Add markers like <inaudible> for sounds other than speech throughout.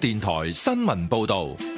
電台新聞報道。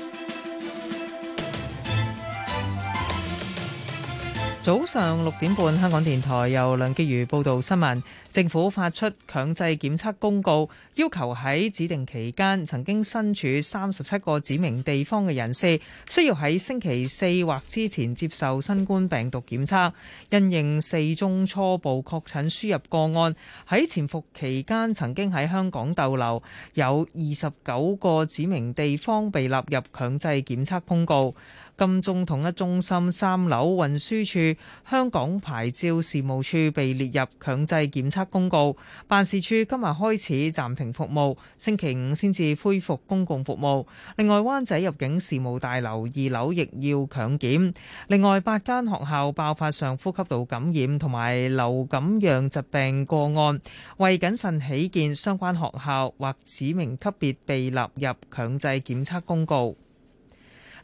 早上六點半，香港電台由梁潔如報導新聞。政府發出強制檢測公告，要求喺指定期間曾經身處三十七個指明地方嘅人士，需要喺星期四或之前接受新冠病毒檢測。因應四宗初步確診輸入個案喺潛伏期間曾經喺香港逗留，有二十九個指明地方被納入強制檢測公告。金鐘統一中心三樓運輸處、香港牌照事務處被列入強制檢測公告。辦事處今日開始暫停服務，星期五先至恢復公共服務。另外，灣仔入境事務大樓二樓亦要強檢。另外，八間學校爆發上呼吸道感染同埋流感樣疾病個案，為謹慎起見，相關學校或指明級別被納入強制檢測公告。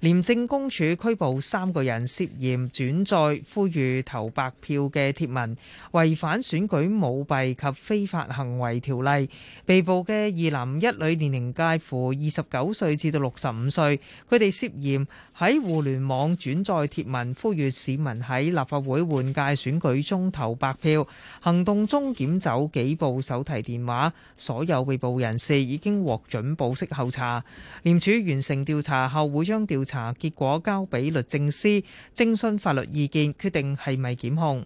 廉政公署拘捕三個人涉嫌轉載呼籲投白票嘅貼文，違反選舉舞弊及非法行為條例。被捕嘅二男一女年齡介乎二十九歲至到六十五歲，佢哋涉嫌喺互聯網轉載貼文，呼籲市民喺立法會換屆選舉中投白票。行動中檢走幾部手提電話。所有被捕人士已經獲准保釋候查。廉署完成調查後，會將調查。調查結果交俾律政司徵詢法律意見，決定係咪檢控。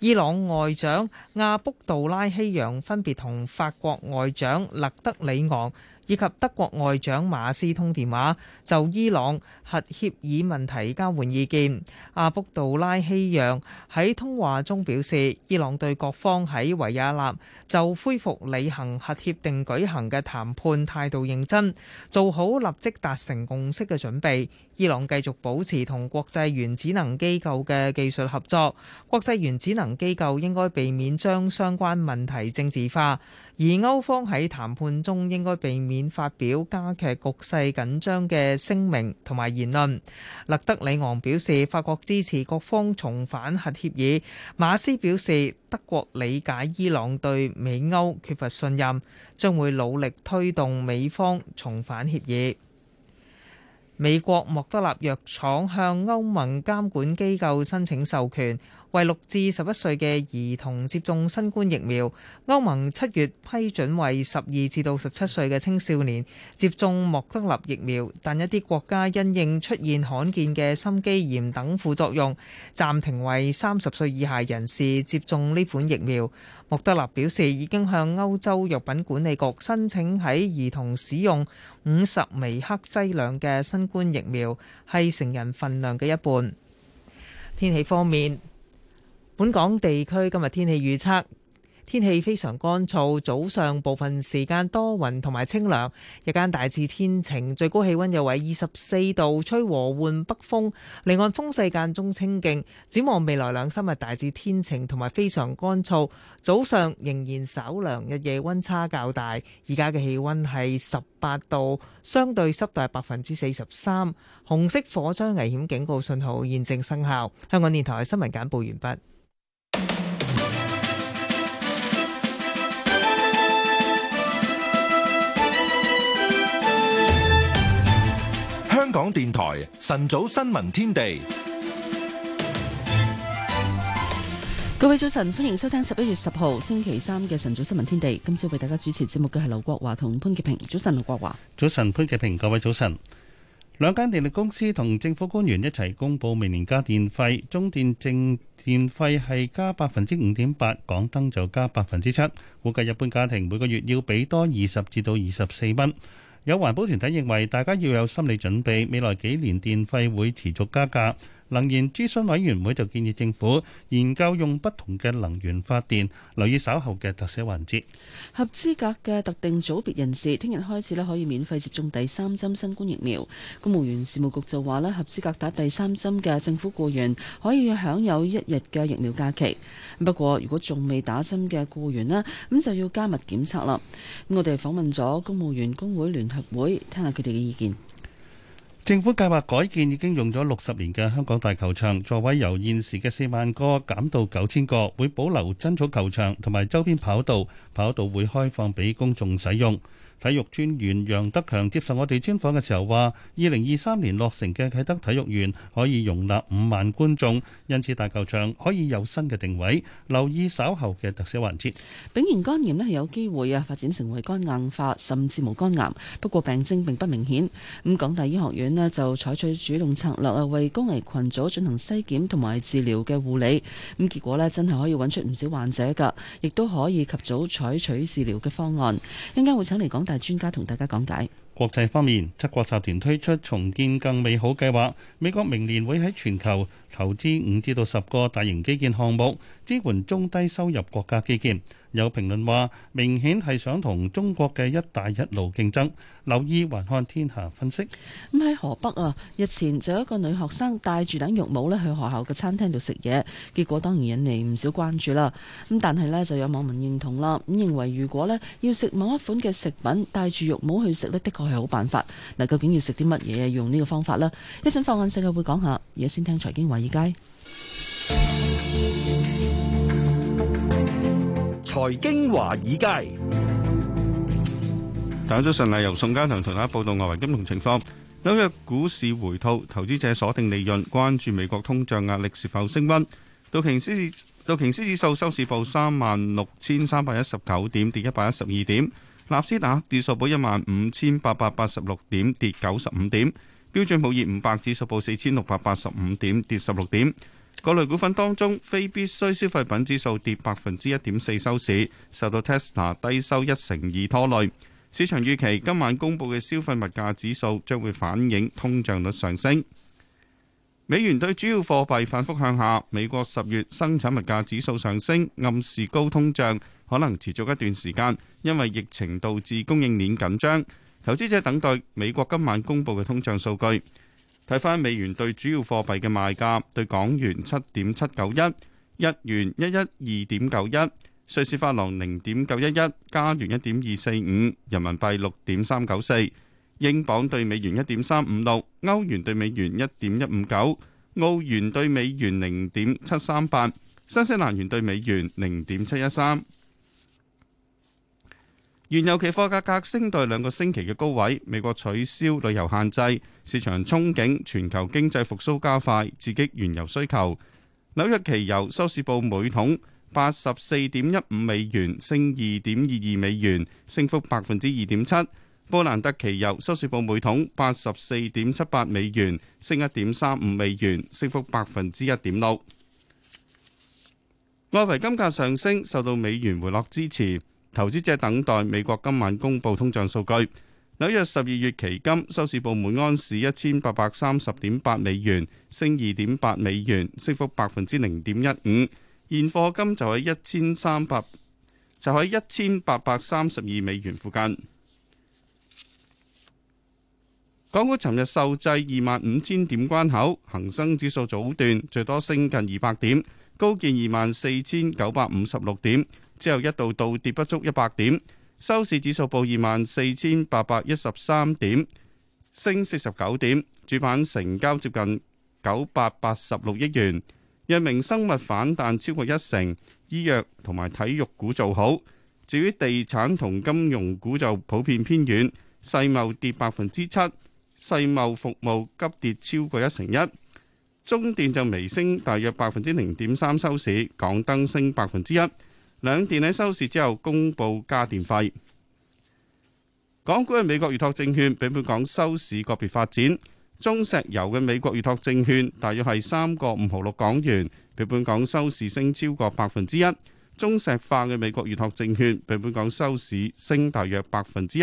伊朗外長阿卜杜拉希揚分別同法國外長勒德里昂，以及德國外長馬斯通電話，就伊朗核協議問題交換意見。阿卜杜拉希揚喺通話中表示，伊朗對各方喺維也納就恢復履行核協定舉行嘅談判態度認真，做好立即達成共識嘅準備。伊朗繼續保持同國際原子能機構嘅技術合作。國際原子能機構應該避免將相關問題政治化。而歐方喺談判中應該避免發表加劇局勢緊張嘅聲明同埋言論。勒德里昂表示，法國支持各方重返核協議。馬斯表示，德國理解伊朗對美歐缺乏信任，將會努力推動美方重返協議。美國莫德納藥廠向歐盟監管機構申請授權，為六至十一歲嘅兒童接種新冠疫苗，歐盟七月批准為十二至到十七歲嘅青少年接種莫德納疫苗，但一啲國家因應出現罕見嘅心肌炎等副作用，暫停為三十歲以下人士接種呢款疫苗。莫德納表示已經向歐洲藥品管理局申請喺兒童使用五十微克劑量嘅新冠疫苗，係成人份量嘅一半。天氣方面。本港地區今日天氣預測，天氣非常乾燥，早上部分時間多雲同埋清涼，日間大致天晴，最高氣溫又為二十四度，吹和緩北風，離岸風勢間中清勁。展望未來兩三日大致天晴同埋非常乾燥，早上仍然稍涼，日夜溫差較大。而家嘅氣溫係十八度，相對濕度係百分之四十三，紅色火災危險警告信號現正生效。香港電台新聞簡報完畢。港電台晨早新聞天地，各位早晨，歡迎收聽十一月十號星期三嘅晨早新聞天地。今朝為大家主持節目嘅係劉國華同潘潔平。早晨，劉國華，早晨，潘潔平。各位早晨。兩間電力公司同政府官員一齊公布明年加電費，中電淨電費係加百分之五點八，港燈就加百分之七，估計一般家庭每個月要俾多二十至到二十四蚊。有環保團體認為，大家要有心理準備，未來幾年電費會持續加價。能源諮詢委員會就建議政府研究用不同嘅能源發電，留意稍後嘅特寫環節。合資格嘅特定組別人士，聽日開始咧可以免費接種第三針新冠疫苗。公務員事務局就話咧，合資格打第三針嘅政府僱員可以享有一日嘅疫苗假期。不過，如果仲未打針嘅僱員咧，咁就要加密檢測啦。我哋訪問咗公務員工會聯合會，聽下佢哋嘅意見。政府計劃改建已經用咗六十年嘅香港大球場，座位由現時嘅四萬個減到九千個，會保留真草球場同埋周邊跑道，跑道會開放俾公眾使用。體育專員楊德強接受我哋專訪嘅時候話，二零二三年落成嘅啟德體育園可以容納五萬觀眾，因此大球場可以有新嘅定位。留意稍後嘅特寫環節。丙型肝炎呢係有機會啊發展成為肝硬化甚至無肝癌，不過病徵並不明顯。咁港大醫學院呢就採取主動策略啊，為高危群組進行篩檢同埋治療嘅護理。咁結果呢，真係可以揾出唔少患者㗎，亦都可以及早採取治療嘅方案。一陣間會，會請嚟講。大專家同大家講解國際方面，七國集團推出重建更美好計劃。美國明年會喺全球投資五至到十個大型基建項目，支援中低收入國家基建。有評論話，明顯係想同中國嘅一帶一路競爭。留意還看天下分析。咁喺、嗯、河北啊，日前就有一個女學生帶住頂浴帽咧去學校嘅餐廳度食嘢，結果當然引嚟唔少關注啦。咁但係呢，就有網民認同啦，咁認為如果呢要食某一款嘅食品，帶住浴帽去食呢，的確係好辦法。嗱，究竟要食啲乜嘢用呢個方法咧？一陣放眼世界會講下，而家先聽財經華爾街。財經華爾街，譚卓例由宋嘉良同大家報道外圍金融情況。紐約股市回吐，投資者鎖定利潤，關注美國通脹壓力是否升溫。道瓊斯道瓊斯指數收市報三萬六千三百一十九點，跌一百一十二點。納斯達克指數報一萬五千八百八十六點，跌九十五點。標準普爾五百指數報四千六百八十五點，跌十六點。各類股份當中，非必需消費品指數跌百分之一點四收市，受到 Tesla 低收一成二拖累。市場預期今晚公布嘅消費物價指數將會反映通脹率上升。美元對主要貨幣反覆向下。美國十月生產物價指數上升，暗示高通脹可能持續一段時間，因為疫情導致供應鏈緊張。投資者等待美國今晚公布嘅通脹數據。睇返美元對主要貨幣嘅賣價，對港元七點七九一，日元一一二點九一，瑞士法郎零點九一一，加元一點二四五，人民幣六點三九四，英鎊對美元一點三五六，歐元對美元一點一五九，澳元對美元零點七三八，新西蘭元對美元零點七一三。原油期貨價格升到兩個星期嘅高位。美國取消旅遊限制，市場憧憬全球經濟復甦加快，刺激原油需求。紐約期油收市報每桶八十四點一五美元，升二點二二美元，升幅百分之二點七。布蘭特期油收市報每桶八十四點七八美元，升一點三五美元，升幅百分之一點六。外圍金價上升，受到美元回落支持。投資者等待美國今晚公布通脹數據。紐約十二月期金收市報每安士一千八百三十點八美元，升二點八美元，升幅百分之零點一五。現貨金就喺一千三百，就喺一千八百三十二美元附近。港股尋日受制二萬五千點關口，恒生指數早段最多升近二百點，高見二萬四千九百五十六點。之後一度倒跌不足一百點，收市指數報二萬四千八百一十三點，升四十九點，主板成交接近九百八十六億元。藥明生物反彈超過一成，醫藥同埋體育股做好。至於地產同金融股就普遍偏軟，世茂跌百分之七，世茂服務急跌超過一成一，中電就微升大約百分之零點三收市，港燈升百分之一。兩電喺收市之後公布加電費。港股嘅美國預託證券比本港收市個別發展。中石油嘅美國預託證券大約係三個五毫六港元，比本港收市升超過百分之一。中石化嘅美國預託證券比本港收市升大約百分之一。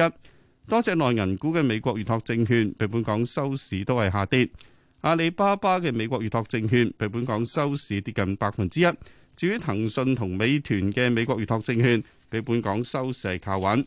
多隻內銀股嘅美國預託證券比本港收市都係下跌。阿里巴巴嘅美國預託證券比本港收市跌近百分之一。至於騰訊同美團嘅美國預託證券，俾本港收勢靠穩。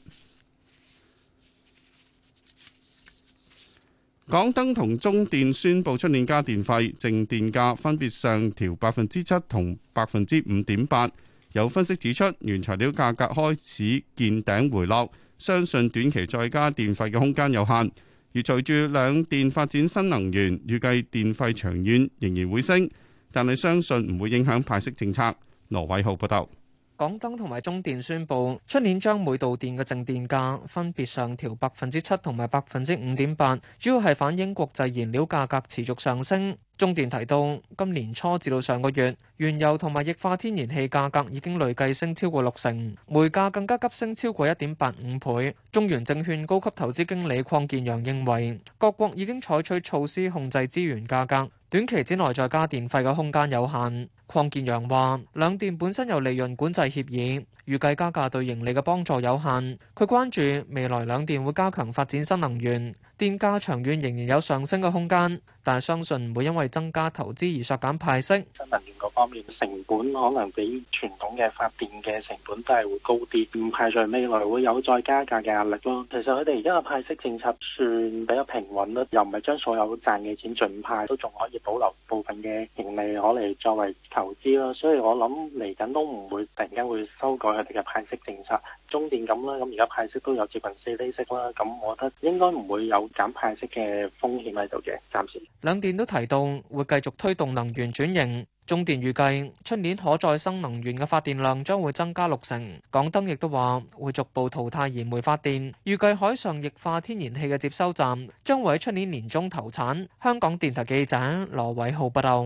港燈同中電宣布出年加電費，淨電價分別上調百分之七同百分之五點八。有分析指出，原材料價格開始見頂回落，相信短期再加電費嘅空間有限。而隨住兩電發展新能源，預計電費長遠仍然會升。但係相信唔會影響派息政策。羅偉浩報道，港燈同埋中電宣布，出年將每度電嘅淨電價分別上調百分之七同埋百分之五點八，主要係反映國際燃料價格持續上升。中電提到，今年初至到上個月，原油同埋液化天然氣價格已經累計升超過六成，煤價更加急升超過一點八五倍。中原證券高級投資經理鄺建陽認為，各國已經採取措施控制資源價格。短期之內再加電費嘅空間有限，鄺建陽話：兩電本身有利潤管制協議，預計加價對盈利嘅幫助有限。佢關注未來兩電會加強發展新能源，電價長遠仍然有上升嘅空間，但係相信唔會因為增加投資而削減派息。新能源嗰方面成本可能比傳統嘅發電嘅成本都係會高啲，唔排除未來會有再加價嘅壓力咯。其實佢哋而家嘅派息政策算比較平穩啦，又唔係將所有賺嘅錢盡派，都仲可以。保留部分嘅盈利，攞嚟作為投資咯。所以我諗嚟緊都唔會突然間會修改佢哋嘅派息政策。中電咁啦，咁而家派息都有接近四厘息啦。咁我覺得應該唔會有減派息嘅風險喺度嘅。暫時，兩電都提到會繼續推動能源轉型。中電預計，出年可再生能源嘅發電量將會增加六成。港燈亦都話，會逐步淘汰燃煤發電。預計海上液化天然氣嘅接收站將會喺出年年中投產。香港電台記者羅偉浩報道。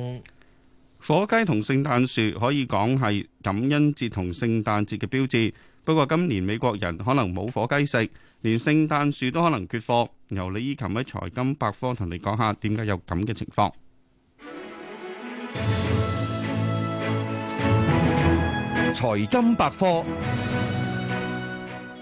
火雞同聖誕樹可以講係感恩節同聖誕節嘅標誌，不過今年美國人可能冇火雞食，連聖誕樹都可能缺貨。由李依琴喺財金百科同你講下點解有咁嘅情況。財金百科。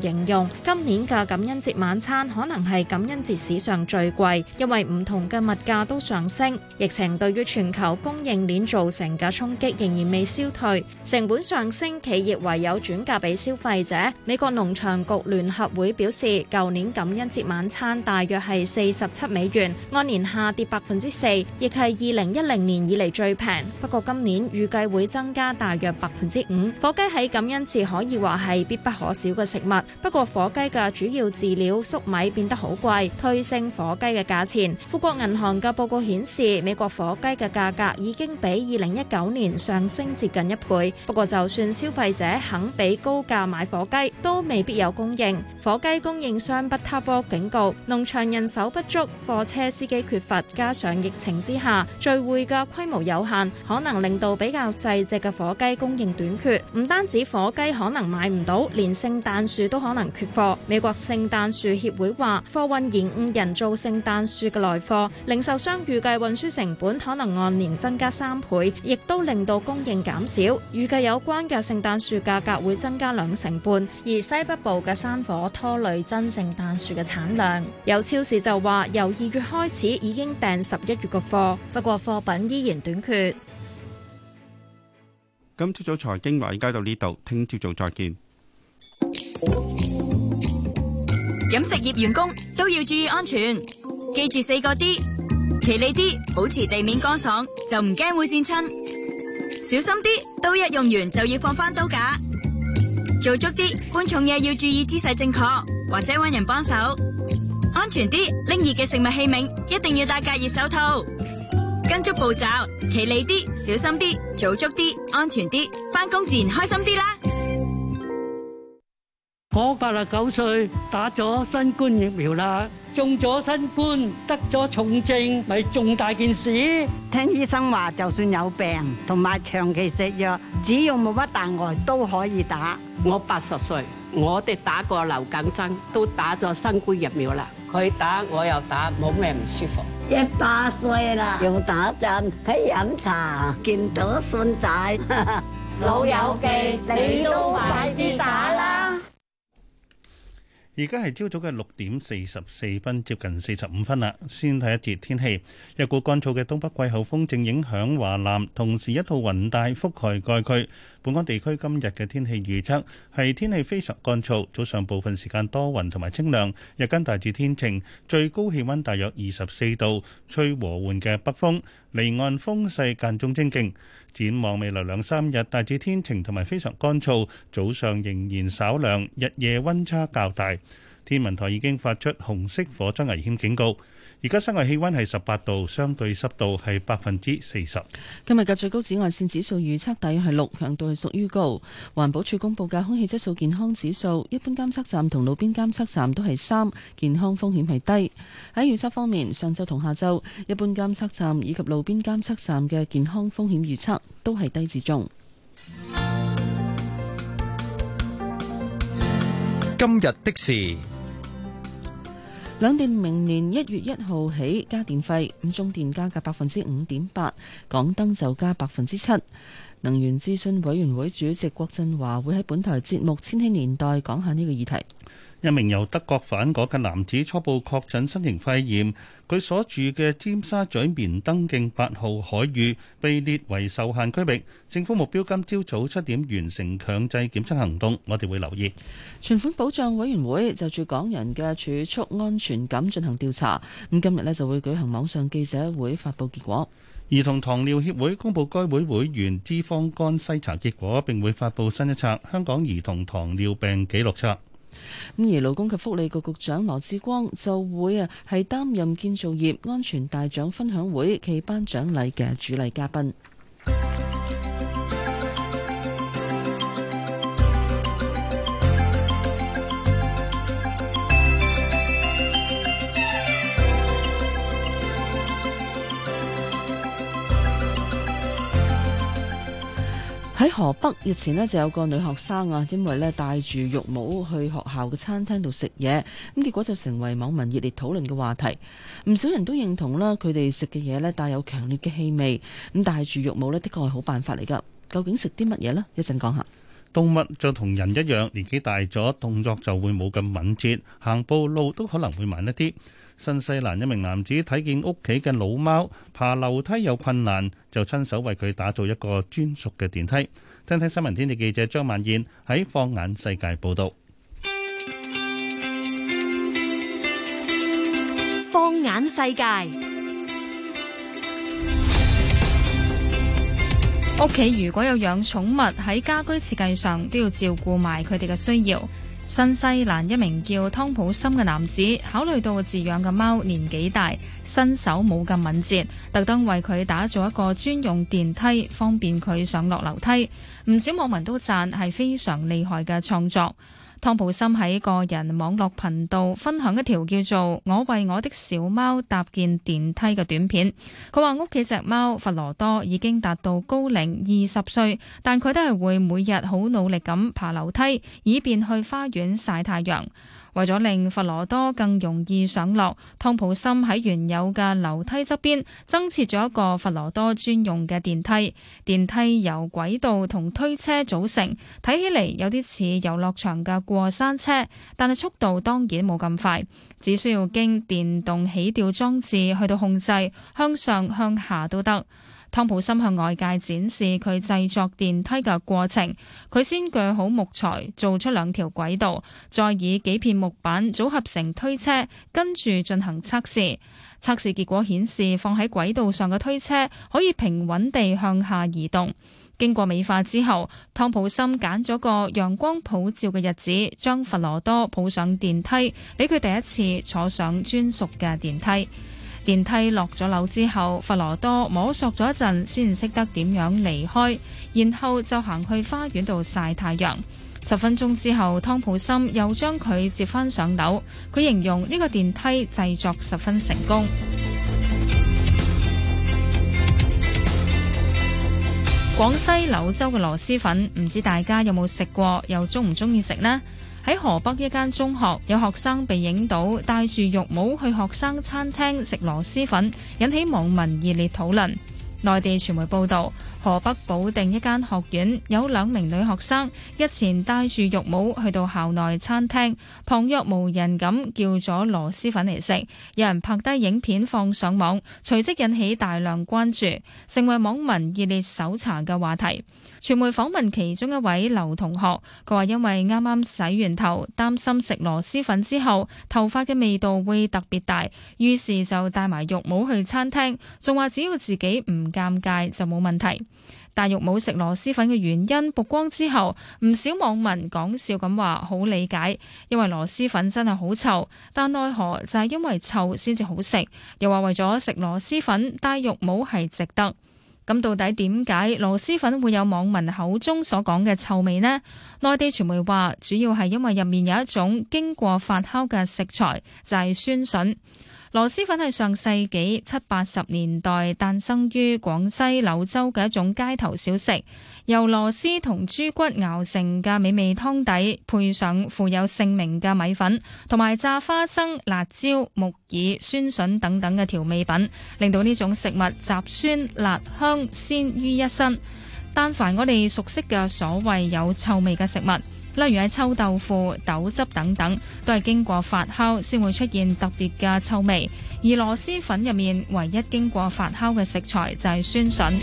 形容今年嘅感恩節晚餐可能係感恩節史上最貴，因為唔同嘅物價都上升。疫情對於全球供應鏈造成嘅衝擊仍然未消退，成本上升，企業唯有轉嫁俾消費者。美國農場局聯合會表示，舊年感恩節晚餐大約係四十七美元，按年下跌百分之四，亦係二零一零年以嚟最平。不過今年預計會增加大約百分之五。火雞喺感恩節可以話係必不可少嘅食物。不過火雞嘅主要飼料粟米變得好貴，推升火雞嘅價錢。富國銀行嘅報告顯示，美國火雞嘅價格已經比二零一九年上升接近一倍。不過就算消費者肯俾高價買火雞，都未必有供應。火雞供應商不卡波警告，農場人手不足、貨車司機缺乏，加上疫情之下聚會嘅規模有限，可能令到比較細隻嘅火雞供應短缺。唔單止火雞可能買唔到，連聖誕樹。都可能缺貨。美國聖誕樹協會話，貨運延誤人造聖誕樹嘅來貨，零售商預計運輸成本可能按年增加三倍，亦都令到供應減少。預計有關嘅聖誕樹價格會增加兩成半。而西北部嘅山火拖累真聖誕樹嘅產量。有超市就話，由二月開始已經訂十一月嘅貨，不過貨品依然短缺。今朝早財經話，而家到呢度，聽朝早再見。飲食業員工都要注意安全，記住四個啲，企理啲，保持地面乾爽，就唔驚會跣親。小心啲，刀一用完就要放翻刀架。做足啲，搬重嘢要注意姿勢正確，或者揾人幫手。安全啲，拎熱嘅食物器皿一定要戴隔熱手套。跟足步驟，企理啲，小心啲，做足啲，安全啲，翻工自然開心啲啦。我八十九歲，打咗新冠疫苗啦，中咗新冠，得咗重症，咪重大件事。聽醫生話，就算有病同埋長期食藥，只要冇乜大礙都可以打。我八十歲，我哋打過流感針，都打咗新冠疫苗啦。佢打，我又打，冇咩唔舒服。一百歲啦，用打針，喺飲茶，見到信仔。老友記，你都快啲打啦！而家係朝早嘅六點四十四分，接近四十五分啦。先睇一節天氣，一股乾燥嘅東北季候風正影響華南，同時一套雲帶覆蓋該區。本港地區今日嘅天氣預測係天氣非常乾燥，早上部分時間多雲同埋清涼，日間大致天晴，最高氣溫大約二十四度，吹和緩嘅北風，離岸風勢間中清勁。展望未來兩三日，大致天晴同埋非常乾燥，早上仍然稍涼，日夜溫差較大。天文台已經發出紅色火災危險警告。而家室外氣溫係十八度，相對濕度係百分之四十。今日嘅最高紫外線指數預測大約係六，強度係屬於高。環保署公布嘅空氣質素健康指數，一般監測站同路邊監測站都係三，健康風險係低。喺預測方面，上晝同下晝，一般監測站以及路邊監測站嘅健康風險預測都係低至中。今日的事。兩電明年一月一號起加電費，咁中電加價百分之五點八，港燈就加百分之七。能源諮詢委員會主席郭振華會喺本台節目《千禧年代》講下呢個議題。一名由德國返港嘅男子初步確診新型肺炎，佢所住嘅尖沙咀棉登徑八號海域被列為受限區域。政府目標今朝早七點完成強制檢測行動，我哋會留意。存款保障委員會就住港人嘅儲蓄安全感進行調查，咁今日咧就會舉行網上記者會發佈結果。兒童糖尿協會公佈該會會員脂肪肝篩查結果，並會發佈新一冊《香港兒童糖尿病記錄冊》。咁而勞工及福利局局長羅志光就會啊係擔任建造業安全大獎分享會暨頒獎禮嘅主禮嘉賓。河北日前呢就有個女學生啊，因為呢戴住浴帽去學校嘅餐廳度食嘢，咁結果就成為網民熱烈討論嘅話題。唔少人都認同啦，佢哋食嘅嘢呢帶有強烈嘅氣味，咁戴住浴帽呢，的確係好辦法嚟㗎。究竟食啲乜嘢呢？一陣講下。動物就同人一樣，年紀大咗，動作就會冇咁敏捷，行步路都可能會慢一啲。新西蘭一名男子睇見屋企嘅老貓爬樓梯有困難，就親手為佢打造一個專屬嘅電梯。聽聽新聞天地記者張萬燕喺《放眼世界》報道。放眼世界，屋企如果有養寵物，喺家居設計上都要照顧埋佢哋嘅需要。新西蘭一名叫湯普森嘅男子，考慮到自養嘅貓年紀大，身手冇咁敏捷，特登為佢打造一個專用電梯，方便佢上落樓梯。唔少網民都讚係非常厲害嘅創作。湯普森喺個人網絡頻道分享一條叫做《我為我的小貓搭建電梯》嘅短片。佢話屋企隻貓弗羅多已經達到高齡二十歲，但佢都係會每日好努力咁爬樓梯，以便去花園曬太陽。為咗令佛羅多更容易上落，湯普森喺原有嘅樓梯側邊增設咗一個佛羅多專用嘅電梯。電梯由軌道同推車組成，睇起嚟，有啲似遊樂場嘅過山車，但係速度當然冇咁快，只需要經電動起吊裝置去到控制，向上向下都得。湯普森向外界展示佢製作電梯嘅過程。佢先鋸好木材，做出兩條軌道，再以幾片木板組合成推車，跟住進行測試。測試結果顯示，放喺軌道上嘅推車可以平穩地向下移動。經過美化之後，湯普森揀咗個陽光普照嘅日子，將佛羅多抱上電梯，俾佢第一次坐上專屬嘅電梯。電梯落咗樓之後，佛羅多摸索咗一陣，先識得點樣離開，然後就行去花園度曬太陽。十分鐘之後，湯普森又將佢接返上樓。佢形容呢個電梯製作十分成功。廣西柳州嘅螺螄粉，唔知大家有冇食過，又鍾唔鍾意食呢？喺河北一間中學，有學生被影到帶住浴帽去學生餐廳食螺螄粉，引起網民熱烈討論。內地傳媒報道，河北保定一間學院有兩名女學生日前帶住浴帽去到校內餐廳，旁若無人咁叫咗螺螄粉嚟食，有人拍低影片放上網，隨即引起大量關注，成為網民熱烈搜查嘅話題。傳媒訪問其中一位劉同學，佢話因為啱啱洗完頭，擔心食螺螄粉之後頭髮嘅味道會特別大，於是就帶埋浴帽去餐廳，仲話只要自己唔尷尬就冇問題。戴浴帽食螺螄粉嘅原因曝光之後，唔少網民講笑咁話好理解，因為螺螄粉真係好臭，但奈何就係因為臭先至好食。又話為咗食螺螄粉戴浴帽係值得。咁到底點解螺螄粉會有網民口中所講嘅臭味呢？內地傳媒話，主要係因為入面有一種經過發酵嘅食材，就係、是、酸筍。螺螄粉係上世紀七八十年代誕生於廣西柳州嘅一種街頭小食，由螺絲同豬骨熬成嘅美味湯底，配上富有盛名嘅米粉，同埋炸花生、辣椒、木耳、酸筍等等嘅調味品，令到呢種食物集酸辣香鮮於一身。但凡我哋熟悉嘅所謂有臭味嘅食物。例如喺臭豆腐、豆汁等等，都係經過發酵先會出現特別嘅臭味。而螺螄粉入面唯一經過發酵嘅食材就係酸筍。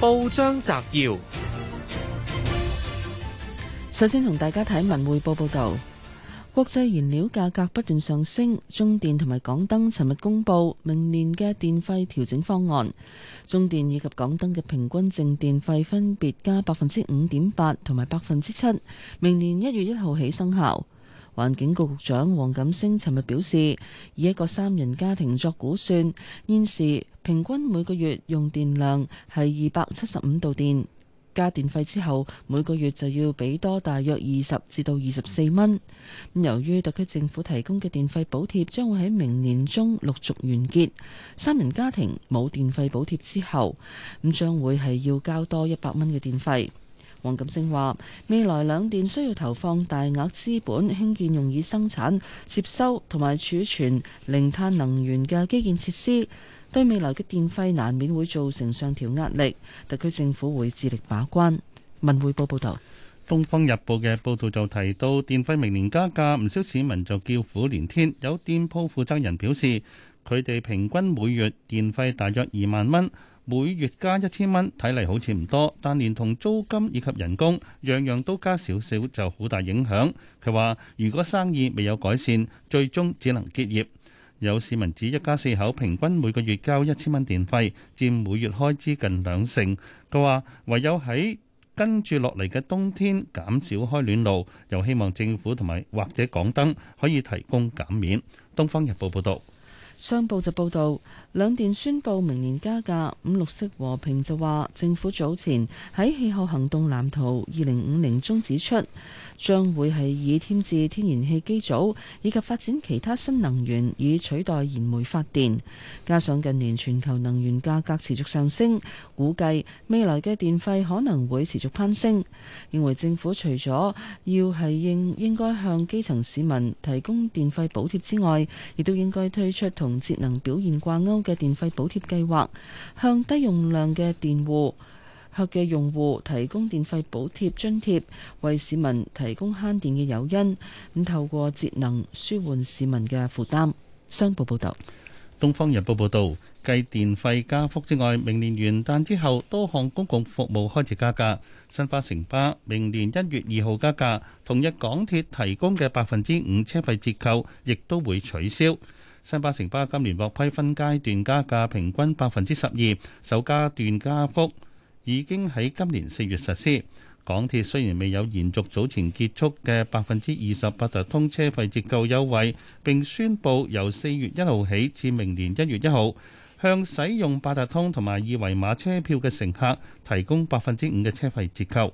報章摘要：首先同大家睇文匯報報道，國際燃料價格不斷上升，中電同埋港燈尋日公布明年嘅電費調整方案。中電以及港燈嘅平均淨電費分別加百分之五點八同埋百分之七，明年一月一號起生效。環境局局長黃錦星尋日表示，以一個三人家庭作估算，現時平均每個月用電量係二百七十五度電，加電費之後每個月就要俾多大約二十至到二十四蚊。由於特區政府提供嘅電費補貼將會喺明年中陸續完結，三人家庭冇電費補貼之後，咁將會係要交多一百蚊嘅電費。黃錦星話，未來兩電需要投放大額資本興建用以生產、接收同埋儲存零碳能源嘅基建設施，對未來嘅電費難免會造成上調壓力。特區政府會致力把關。文匯報報道，《東方日報》嘅報道就提到，電費明年加價，唔少市民就叫苦連天。有店鋪負責人表示，佢哋平均每月電費大約二萬蚊。每月加一千蚊，睇嚟好似唔多，但連同租金以及人工，樣樣都加少少，就好大影響。佢話如果生意未有改善，最終只能結業。有市民指一家四口平均每個月交一千蚊電費佔每月開支近兩成。佢話唯有喺跟住落嚟嘅冬天減少開暖爐，又希望政府同埋或者港燈可以提供減免。《東方日報》報道。商報就報道，兩電宣布明年加價。五綠色和平就話，政府早前喺《氣候行動藍圖》二零五零中指出。將會係以添置天然氣機組，以及發展其他新能源，以取代燃煤發電。加上近年全球能源價格持續上升，估計未來嘅電費可能會持續攀升。認為政府除咗要係應應該向基層市民提供電費補貼之外，亦都應該推出同節能表現掛鈎嘅電費補貼計劃，向低用量嘅電戶。客嘅用戶提供電費補貼津貼，為市民提供慳電嘅誘因。咁透過節能舒緩市民嘅負擔。商報報道，《東方日報》報道，繼電費加幅之外，明年元旦之後多項公共服務開始加價。新巴城巴明年一月二號加價，同日港鐵提供嘅百分之五車費折扣亦都會取消。新巴城巴今年獲批分階段加價，平均百分之十二，首階段加幅。已經喺今年四月實施。港鐵雖然未有延續早前結束嘅百分之二十八達通車費折扣優惠，並宣布由四月一號起至明年一月一號，向使用八達通同埋二維碼車票嘅乘客提供百分之五嘅車費折扣。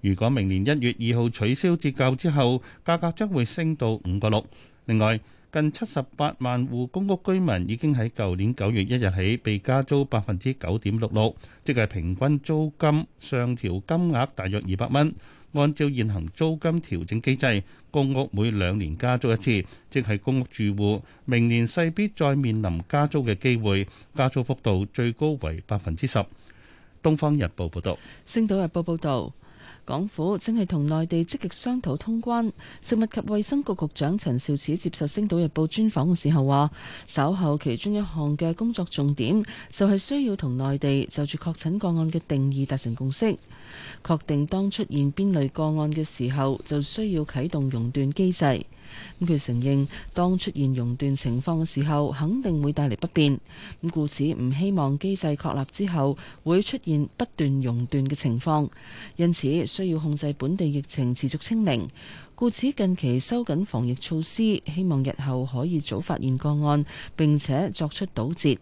如果明年一月二號取消折扣之後，價格將會升到五個六。另外，近七十八萬戶公屋居民已經喺舊年九月一日起被加租百分之九點六六，即係平均租金上調金額大約二百蚊。按照現行租金調整機制，公屋每兩年加租一次，即係公屋住戶明年勢必再面臨加租嘅機會，加租幅度最高為百分之十。《東方日報》報導，《星島日報》報導。港府正係同內地積極商討通關。食物及衛生局局長陳肇始接受《星島日報》專訪嘅時候話，稍後其中一項嘅工作重點就係需要同內地就住確診個案嘅定義達成共識，確定當出現邊類個案嘅時候就需要啟動熔斷機制。咁佢承認，當出現熔斷情況嘅時候，肯定會帶嚟不便。咁故此唔希望機制確立之後會出現不斷熔斷嘅情況，因此需要控制本地疫情持續清零。故此近期收緊防疫措施，希望日後可以早發現個案，並且作出堵截。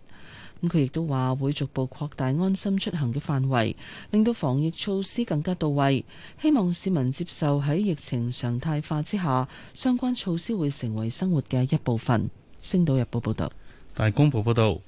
佢亦都話會逐步擴大安心出行嘅範圍，令到防疫措施更加到位。希望市民接受喺疫情常態化之下，相關措施會成為生活嘅一部分。星島日報報道。大公報報道，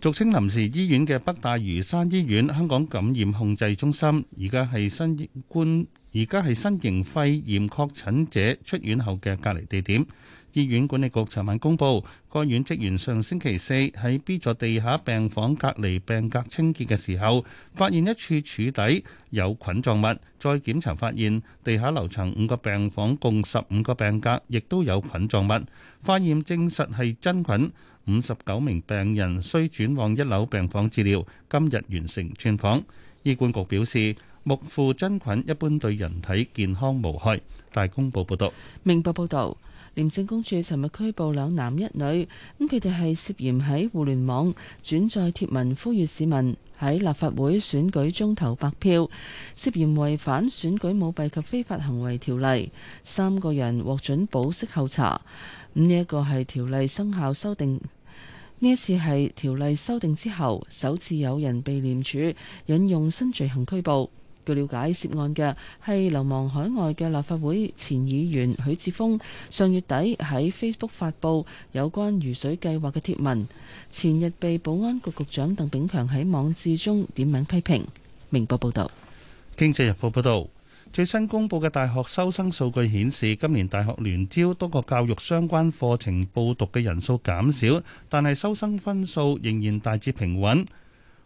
俗稱臨時醫院嘅北大嶼山醫院香港感染控制中心，而家係新冠而家係新型肺炎確診者出院後嘅隔離地點。醫院管理局尋晚公布，該院職員上星期四喺 B 座地下病房隔離病格清潔嘅時候，發現一處柱底有菌狀物，再檢查發現地下樓層五個病房共十五個病格，亦都有菌狀物。化驗證實係真菌，五十九名病人須轉往一樓病房治療，今日完成轉房。醫管局表示，木腐真菌一般對人體健康無害。大公報報道，明報報道。廉政公署尋日拘捕兩男一女，咁佢哋係涉嫌喺互聯網轉載貼文，呼籲市民喺立法會選舉中投白票，涉嫌違反選舉舞弊及非法行為條例。三個人獲准保釋候查。咁呢一個係條例生效修訂，呢一次係條例修訂之後首次有人被廉署引用新罪行拘捕。據了解，涉案嘅係流亡海外嘅立法會前議員許智峰，上月底喺 Facebook 發布有關如水計劃嘅貼文，前日被保安局局長鄧炳強喺網誌中點名批評。明報報道，經濟日報報道，最新公布嘅大學收生數據顯示，今年大學聯招多個教育相關課程報讀嘅人數減少，但係收生分數仍然大致平穩，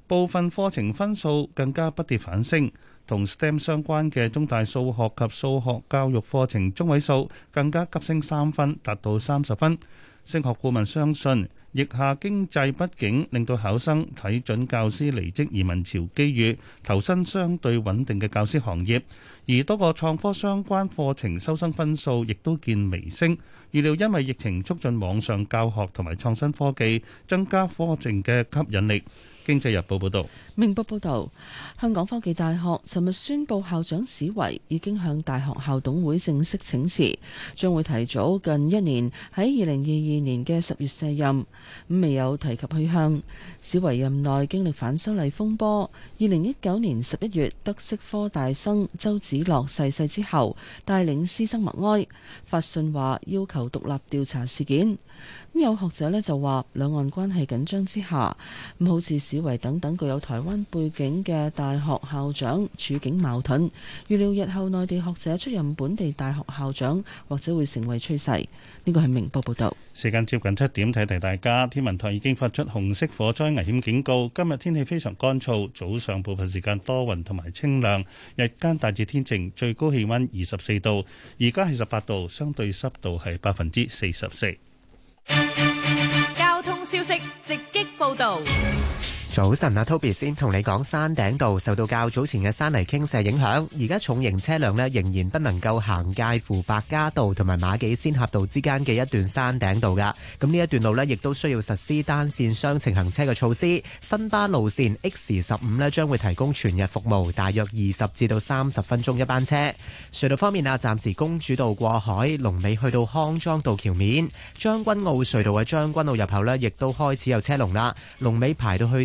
部分課程分數更加不跌反升。同 STEM 相關嘅中大數學及數學教育課程中位數更加急升三分，達到三十分。升學顧問相信，疫下經濟不景，令到考生睇準教師離職移民潮機遇，投身相對穩定嘅教師行業。而多個創科相關課程收生分數亦都見微升。預料因為疫情促進網上教學同埋創新科技，增加課程嘅吸引力。經濟日報報道：「明報報道，香港科技大學尋日宣布，校長史維已經向大學校董會正式請辭，將會提早近一年喺二零二二年嘅十月卸任。未有提及去向。小維任內經歷反修例風波，二零一九年十一月，得悉科大生周子樂逝世,世之後，帶領師生默哀，發信話要求獨立調查事件。咁有學者咧就話，兩岸關係緊張之下，咁好似史維等等具有台灣背景嘅大學校長處境矛盾。預料日後內地學者出任本地大學校長，或者會成為趨勢。呢個係明報報道。時間接近七點，提提大家，天文台已經發出紅色火災危險警告。今日天氣非常乾燥，早上部分時間多雲同埋清涼，日間大致天晴，最高氣温二十四度，而家係十八度，相對濕度係百分之四十四。交通消息直擊報道。Yes. 早晨啊，Toby 先同你講，山頂道受到較早前嘅山泥傾瀉影響，而家重型車輛咧仍然不能夠行介乎白加道同埋馬己仙峽道之間嘅一段山頂道噶。咁呢一段路咧，亦都需要實施單線雙程行車嘅措施。新巴路線 X 十五咧將會提供全日服務，大約二十至到三十分鐘一班車。隧道方面啊，暫時公主道過海，龍尾去到康莊道橋面，將軍澳隧道嘅將軍澳入口咧亦都開始有車龍啦，龍尾排到去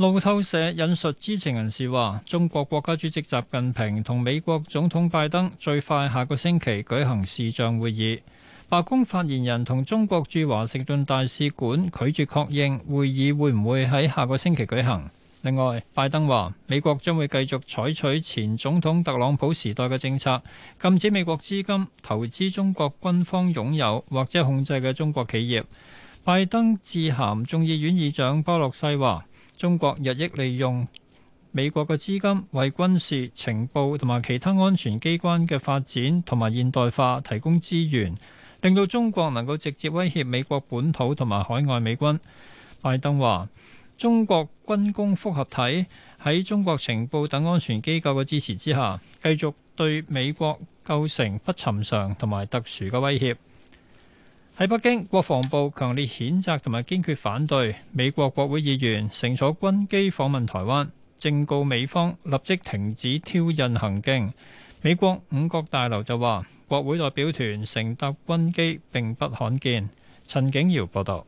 路透社引述知情人士話，中國國家主席習近平同美國總統拜登最快下個星期舉行視像會議，白宮發言人同中國駐華盛頓大使館拒絕確認會議會唔會喺下個星期舉行。另外，拜登話美國將會繼續採取前總統特朗普時代嘅政策，禁止美國資金投資中國軍方擁有或者控制嘅中國企業，拜登致函眾議院議長波洛西話。中國日益利用美國嘅資金為軍事情報同埋其他安全機關嘅發展同埋現代化提供資源，令到中國能夠直接威脅美國本土同埋海外美軍。拜登話：中國軍工複合體喺中國情報等安全機構嘅支持之下，繼續對美國構成不尋常同埋特殊嘅威脅。喺北京，國防部強烈譴責同埋堅決反對美國國會議員乘坐軍機訪問台灣，正告美方立即停止挑釁行徑。美國五角大樓就話，國會代表團乘搭軍機並不罕見。陳景堯報道。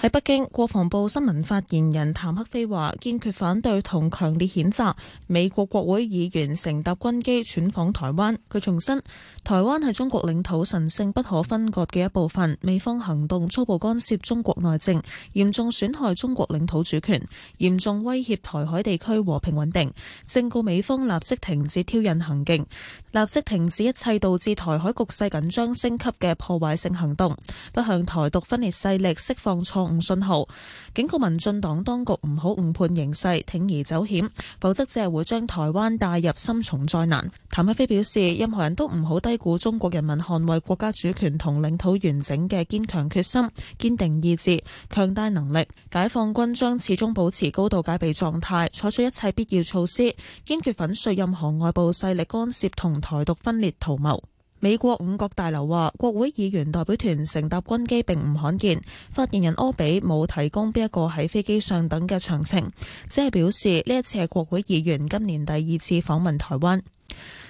喺北京，國防部新聞發言人譚克非話，堅決反對同強烈譴責美國國會議員乘搭軍機竄訪台灣。佢重申，台灣係中國領土神聖不可分割嘅一部分。美方行動粗暴干涉中國內政，嚴重損害中國領土主權，嚴重威脅台海地區和平穩定。正告美方立即停止挑釁行徑，立即停止一切導致台海局勢緊張升級嘅破壞性行動，不向台獨分裂勢力釋放錯。誤信號，警告民進黨當局唔好誤判形勢，鋌而走險，否則只係會將台灣帶入深重災難。譚一菲表示，任何人都唔好低估中國人民捍衛國家主權同領土完整嘅堅強決心、堅定意志、強大能力。解放軍將始終保持高度戒備狀態，採取一切必要措施，堅決粉碎任何外部勢力干涉同台獨分裂圖謀。美國五角大樓話，國會議員代表團乘搭軍機並唔罕見。發言人柯比冇提供邊一個喺飛機上等嘅詳情，只係表示呢一次係國會議員今年第二次訪問台灣。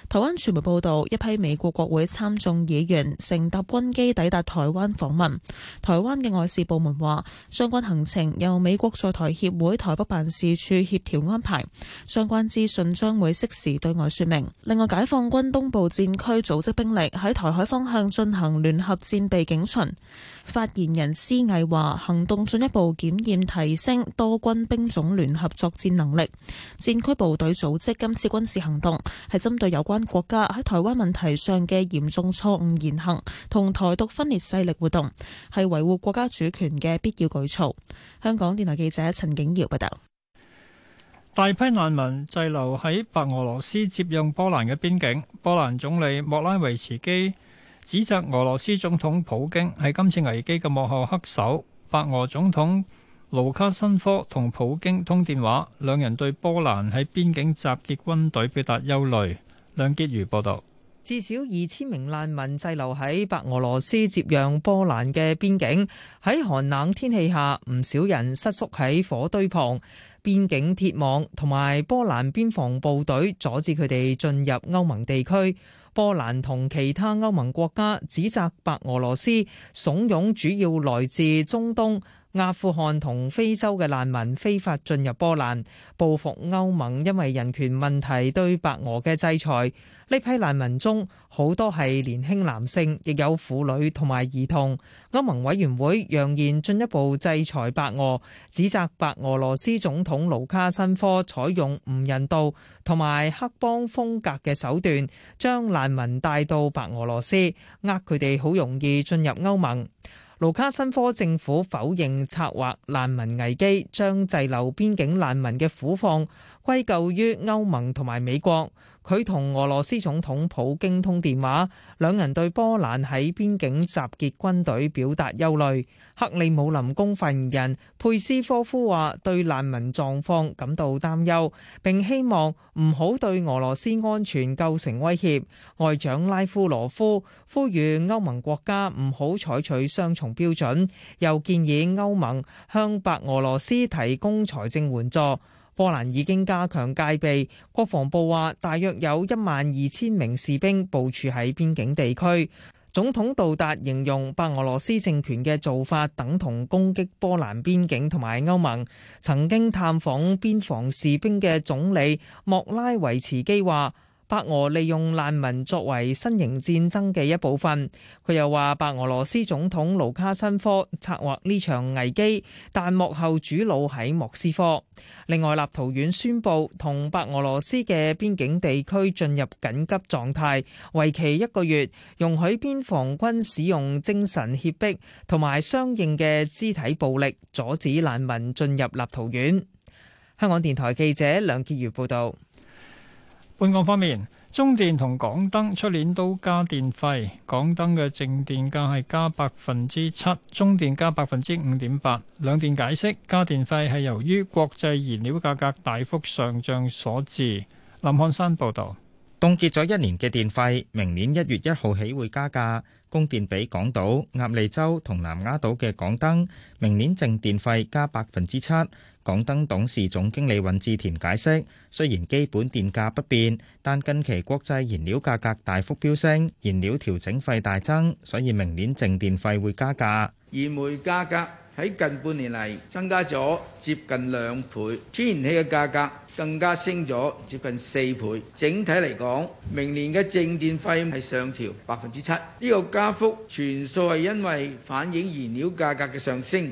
台灣傳媒報道，一批美國國會參眾議員乘搭軍機抵達台灣訪問。台灣嘅外事部門話，相關行程由美國在台協會台北辦事處協調安排，相關資訊將會適時對外說明。另外，解放軍東部戰區組織兵力喺台海方向進行聯合戰備警巡。發言人施毅話，行動進一步檢驗提升多軍兵種聯合作戰能力。戰區部隊組織今次軍事行動，係針對有關。國家喺台灣問題上嘅嚴重錯誤言行，同台獨分裂勢力活動，係維護國家主權嘅必要舉措。香港電台記者陳景瑤報道。大批難民滯留喺白俄羅斯接壤波蘭嘅邊境。波蘭總理莫拉維茨基指責俄羅斯總統普京係今次危機嘅幕後黑手。白俄總統盧卡申科同普京通電話，兩人對波蘭喺邊境集結軍隊表達憂慮。梁潔如報道，至少二千名難民滯留喺白俄羅斯接壤波蘭嘅邊境，喺寒冷天氣下，唔少人失縮喺火堆旁。邊境鐵網同埋波蘭邊防部隊阻止佢哋進入歐盟地區。波蘭同其他歐盟國家指責白俄羅斯慫恿主要來自中東、阿富汗同非洲嘅難民非法進入波蘭，報復歐盟因為人權問題對白俄嘅制裁。呢批難民中好多係年輕男性，亦有婦女同埋兒童。歐盟委員會揚言進一步制裁白俄，指責白俄羅斯總統盧卡申科採用唔人道同埋黑幫風格嘅手段，將難民帶到白俄羅斯，呃佢哋好容易進入歐盟。盧卡申科政府否認策劃難民危機，將滯留邊境難民嘅苦況歸咎於歐盟同埋美國。佢同俄羅斯總統普京通電話，兩人對波蘭喺邊境集結軍隊表達憂慮。克里姆林宮發言人佩斯科夫話對難民狀況感到擔憂，並希望唔好對俄羅斯安全構成威脅。外長拉夫羅夫呼籲歐盟國家唔好採取雙重標準，又建議歐盟向白俄羅斯提供財政援助。波蘭已經加強戒備，國防部話大約有一萬二千名士兵部署喺邊境地區。總統杜達形容白俄羅斯政權嘅做法等同攻擊波蘭邊境同埋歐盟。曾經探訪邊防士兵嘅總理莫拉維茨基話。白俄利用難民作為新型戰爭嘅一部分。佢又話：白俄羅斯總統盧卡申科策劃呢場危機，但幕後主腦喺莫斯科。另外，立陶宛宣布同白俄羅斯嘅邊境地區進入緊急狀態，為期一個月，容許邊防軍使用精神脅迫同埋相應嘅肢體暴力，阻止難民進入立陶宛。香港電台記者梁潔如報導。本港方面，中電同港燈出年都加電費。港燈嘅淨電價係加百分之七，中電加百分之五點八。兩電解釋加電費係由於國際燃料價格大幅上漲所致。林漢山報導，凍結咗一年嘅電費，明年一月一號起會加價。供電俾港島、鴨脷洲同南丫島嘅港燈，明年淨電費加百分之七。港燈董事總經理尹志田解釋：雖然基本電價不變，但近期國際燃料價格大幅飆升，燃料調整費大增，所以明年淨電費會加價。燃煤價格喺近半年嚟增加咗接近兩倍，天然氣嘅價格更加升咗接近四倍。整體嚟講，明年嘅淨電費係上調百分之七，呢個加幅全數係因為反映燃料價格嘅上升。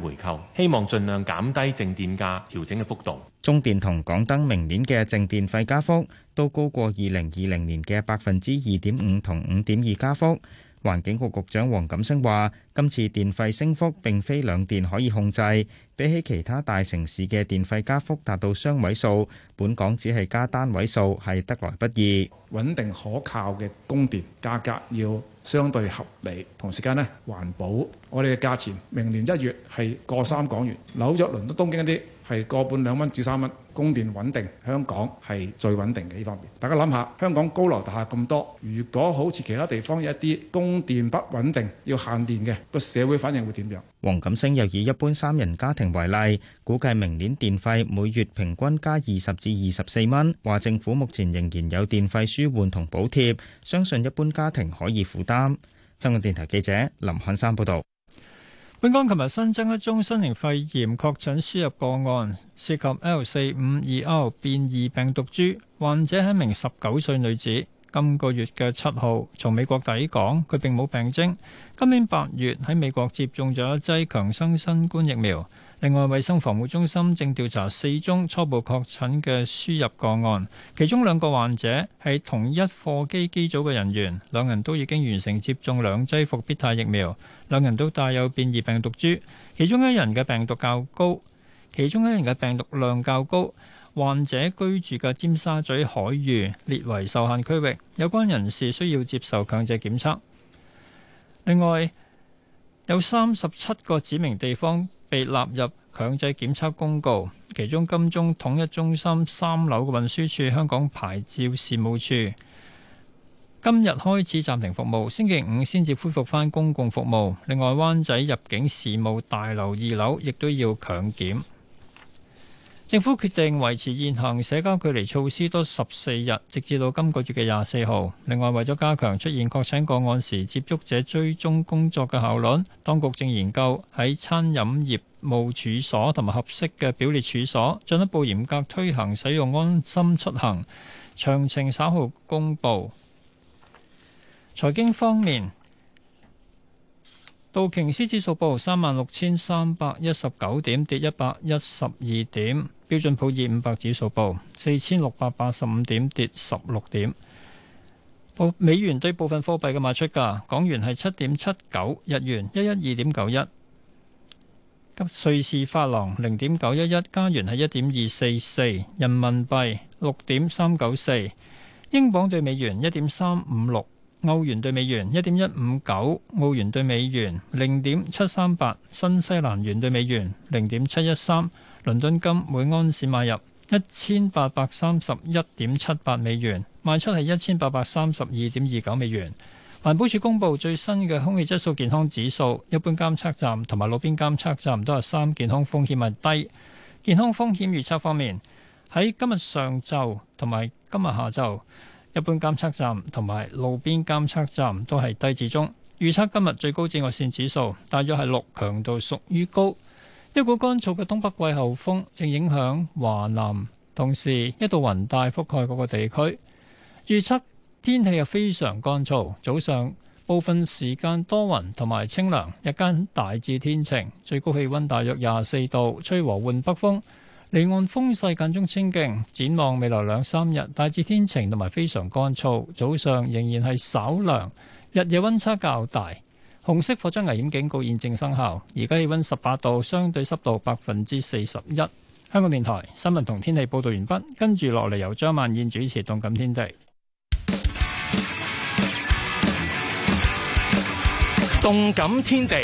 回購，希望盡量減低淨電價調整嘅幅度。中電同港燈明年嘅淨電費加幅都高過二零二零年嘅百分之二點五同五點二加幅。環境局局長黃錦星話：今次電費升幅並非兩電可以控制，比起其他大城市嘅電費加幅達到雙位數，本港只係加單位數，係得來不易。穩定可靠嘅供電價格要。相對合理，同時間咧環保我，我哋嘅價錢明年一月係過三港元，紐約、倫敦、東京啲。係個半兩蚊至三蚊，供電穩定，香港係最穩定嘅呢方面。大家諗下，香港高樓大廈咁多，如果好似其他地方有一啲供電不穩定、要限電嘅，個社會反應會點樣？黃錦星又以一般三人家庭為例，估計明年電費每月平均加二十至二十四蚊。話政府目前仍然有電費舒緩同補貼，相信一般家庭可以負擔。香港電台記者林漢山報道。本港琴日新增一宗新型肺炎確診輸入個案，涉及 L 四五二 R 變異病毒株。患者係一名十九歲女子，今個月嘅七號從美國抵港，佢並冇病徵。今年八月喺美國接種咗一劑強生新冠疫苗。另外，衞生防護中心正調查四宗初步確診嘅輸入個案，其中兩個患者係同一貨機機組嘅人員，兩人都已經完成接種兩劑復必泰疫苗，兩人都帶有變異病毒株，其中一人嘅病毒較高，其中一人嘅病毒量較高。患者居住嘅尖沙咀海域列為受限區域，有關人士需要接受強制檢測。另外，有三十七個指明地方被納入強制檢測公告，其中金鐘統一中心三樓嘅運輸處香港牌照事務處今日開始暫停服務，星期五先至恢復返公共服務。另外，灣仔入境事務大樓二樓亦都要強檢。政府決定維持現行社交距離措施多十四日，直至到今個月嘅廿四號。另外，為咗加強出現確診個案時接觸者追蹤工作嘅效率，當局正研究喺餐飲業務處所同埋合適嘅表列處所進一步嚴格推行使用安心出行。詳情稍後公佈。財經方面。道瓊斯指數報三萬六千三百一十九點，跌一百一十二點。標準普爾五百指數報四千六百八十五點，跌十六點。美元對部分貨幣嘅賣出價，港元係七點七九，日元一一二點九一，及瑞士法郎零點九一一，加元係一點二四四，人民幣六點三九四，英鎊對美元一點三五六。歐元兌美元一點一五九，澳元兌美元零點七三八，新西蘭元兌美元零點七一三。倫敦金每安士買入一千八百三十一點七八美元，賣出係一千八百三十二點二九美元。環保署公布最新嘅空氣質素健康指數，一般監測站同埋路邊監測站都係三，健康風險係低。健康風險預測方面，喺今日上晝同埋今日下晝。一般監測站同埋路邊監測站都係低至中。預測今日最高紫外線指數大約係六，強度屬於高。一股乾燥嘅東北季候風正影響華南，同時一道雲帶覆蓋嗰個地區，預測天氣又非常乾燥，早上部分時間多雲同埋清涼，日間大致天晴，最高氣溫大約廿四度，吹和緩北風。離岸風勢間中清勁，展望未來兩三日，大致天晴同埋非常乾燥，早上仍然係稍涼，日夜溫差較大。紅色火災危險警告現正生效，而家氣溫十八度，相對濕度百分之四十一。香港電台新聞同天氣報道完畢，跟住落嚟由張萬燕主持《動感天地》，《動感天地》。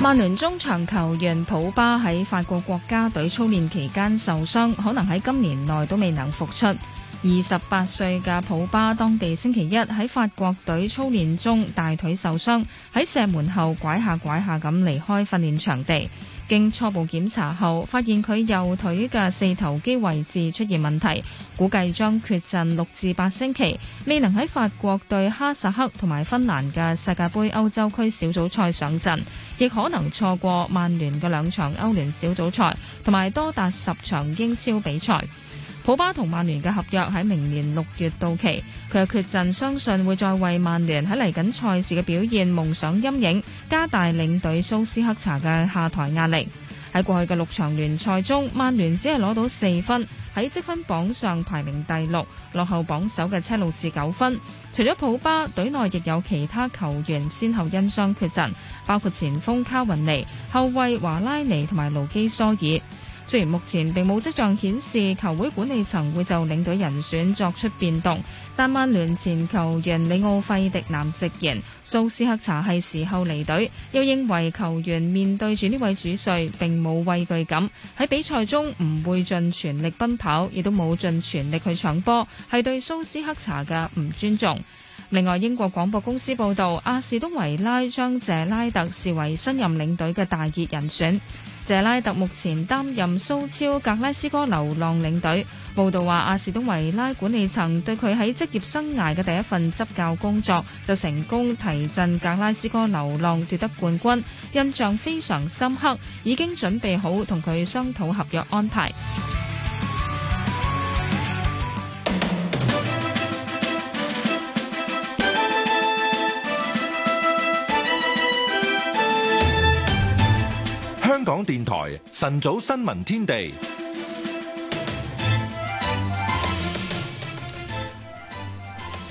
曼聯中場球員普巴喺法國國家隊操練期間受傷，可能喺今年內都未能復出。二十八歲嘅普巴，當地星期一喺法國隊操練中大腿受傷，喺射門後拐下拐下咁離開訓練場地。經初步檢查後，發現佢右腿嘅四頭肌位置出現問題，估計將缺陣六至八星期，未能喺法國對哈薩克同埋芬蘭嘅世界盃歐洲區小組賽上陣。亦可能錯過曼聯嘅兩場歐聯小組賽，同埋多達十場英超比賽。普巴同曼聯嘅合約喺明年六月到期，佢嘅缺陣相信會再為曼聯喺嚟緊賽事嘅表現蒙上陰影，加大領隊蘇斯克查嘅下台壓力。喺過去嘅六場聯賽中，曼聯只係攞到四分，喺積分榜上排名第六，落後榜首嘅車路士九分。除咗普巴，隊內亦有其他球員先後因傷缺陣，包括前鋒卡雲尼、後衛華拉尼同埋盧基蘇爾。雖然目前並冇跡象顯示，球會管理層會就領隊人選作出變動。但曼聯前球員李奧費迪南直言蘇斯克查係時候離隊，又認為球員面對住呢位主帥並冇畏懼感，喺比賽中唔會盡全力奔跑，亦都冇盡全力去搶波，係對蘇斯克查嘅唔尊重。另外，英國廣播公司報道，阿士東維拉將謝拉特視為新任領隊嘅大熱人選。謝拉特目前擔任蘇超格拉斯哥流浪領隊，報道話阿士東維拉管理層對佢喺職業生涯嘅第一份執教工作就成功提振格拉斯哥流浪奪得冠軍，印象非常深刻，已經準備好同佢商討合約安排。港電台晨早新聞天地，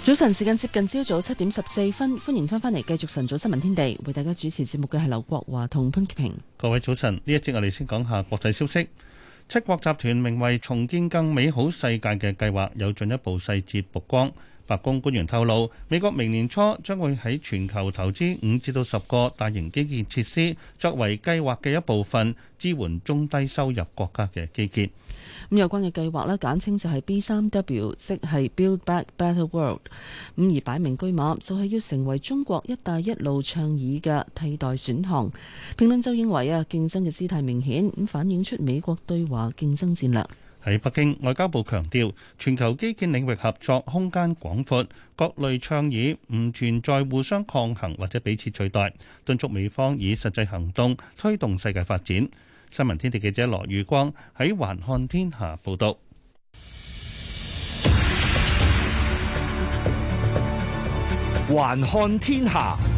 早晨時間接近朝早七點十四分，歡迎翻翻嚟繼續晨早新聞天地，為大家主持節目嘅係劉國華同潘潔平。各位早晨，呢一節我哋先講下國際消息，七國集團名為重建更美好世界嘅計劃有進一步細節曝光。白宮官員透露，美國明年初將會喺全球投資五至到十個大型基建設施，作為計劃嘅一部分，支援中低收入國家嘅基建。咁、嗯、有關嘅計劃咧，簡稱就係 B3W，即係 Build Back Better World。咁而擺明居馬就係要成為中國「一帶一路」倡議嘅替代選項。評論就認為啊，競爭嘅姿態明顯，咁反映出美國對華競爭戰略。喺北京，外交部強調，全球基建領域合作空間廣闊，各類倡議唔存在互相抗衡或者彼此取代，敦促美方以實際行動推動世界發展。新聞天地記者羅宇光喺環看天下報導。環看天下，報導。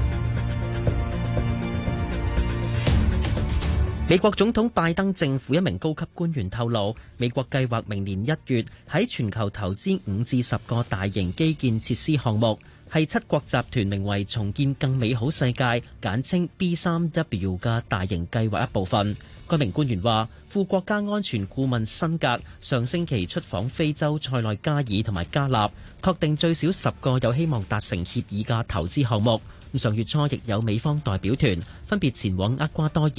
美國總統拜登政府一名高級官員透露，美國計劃明年一月喺全球投資五至十個大型基建設施項目，係七國集團名為重建更美好世界（簡稱 B3W） 嘅大型計劃一部分。該名官員話，副國家安全顧問辛格上星期出訪非洲塞內加爾同埋加納，確定最少十個有希望達成協議嘅投資項目。上月初亦有美方代表團分別前往厄瓜多爾、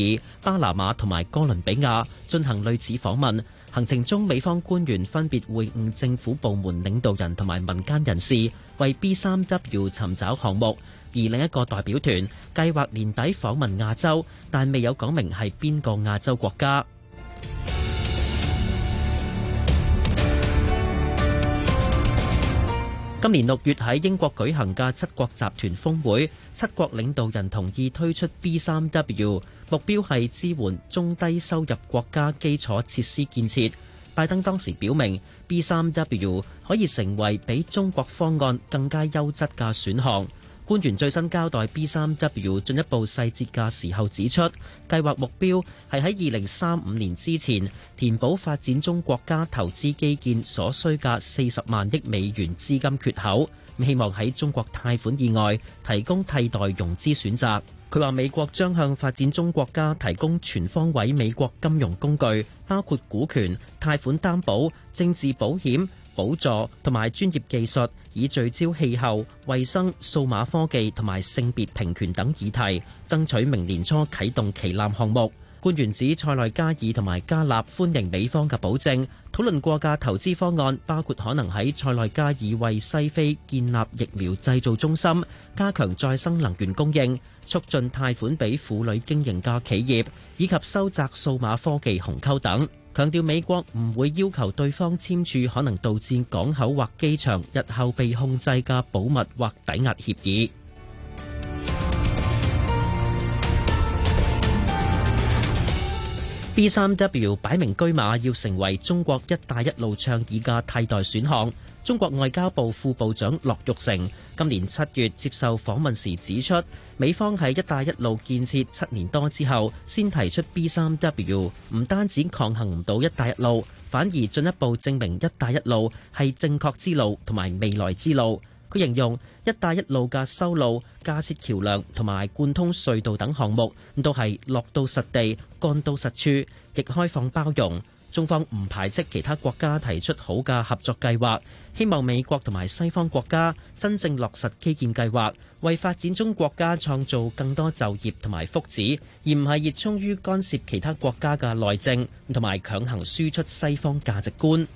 巴拿馬同埋哥倫比亞進行類似訪問，行程中美方官員分別會晤政府部門領導人同埋民間人士，為 B 三 W 尋找項目。而另一個代表團計劃年底訪問亞洲，但未有講明係邊個亞洲國家。今年六月喺英國舉行嘅七國集團峰會，七國領導人同意推出 B3W，目標係支援中低收入國家基礎設施建設，拜登當時表明，B3W 可以成為比中國方案更加優質嘅選項。官員最新交代 B 三 W 進一步細節嘅時候指出，計劃目標係喺二零三五年之前填補發展中國家投資基建所需嘅四十萬億美元資金缺口，希望喺中國貸款以外提供替代融資選擇。佢話美國將向發展中國家提供全方位美國金融工具，包括股權、貸款擔保、政治保險、補助同埋專業技術。以聚焦氣候、衞生、數碼科技同埋性別平權等議題，爭取明年初啟動旗艦項目。官員指塞內加爾同埋加納歡迎美方嘅保證，討論過嘅投資方案包括可能喺塞內加爾為西非建立疫苗製造中心、加強再生能源供應、促進貸款俾婦女經營嘅企業，以及收窄數碼科技鴻溝等。強調美國唔會要求對方簽署可能導致港口或機場日後被控制嘅保密或抵押協議。B3W 擺明車馬要成為中國一帶一路倡議嘅替代選項。中國外交部副部長駱玉成今年七月接受訪問時指出，美方喺“一帶一路”建設七年多之後，先提出 B3W，唔單止抗衡唔到“一帶一路”，反而進一步證明“一帶一路”係正確之路同埋未來之路。佢形容“一帶一路”嘅修路、架設橋樑同埋貫通隧道等項目，都係落到實地、幹到實處，亦開放包容。中方唔排斥其他國家提出好嘅合作計劃，希望美國同埋西方國家真正落實基建計劃，為發展中國家創造更多就業同埋福祉，而唔係熱衷於干涉其他國家嘅內政，同埋強行輸出西方價值觀。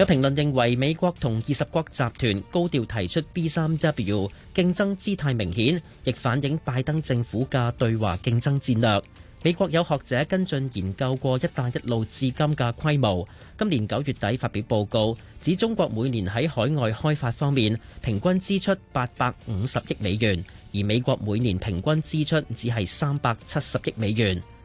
有評論認為，美國同二十國集團高調提出 B3W，競爭姿態明顯，亦反映拜登政府嘅對華競爭戰略。美國有學者跟進研究過一帶一路至今嘅規模，今年九月底發表報告，指中國每年喺海外開發方面平均支出八百五十億美元，而美國每年平均支出只係三百七十億美元。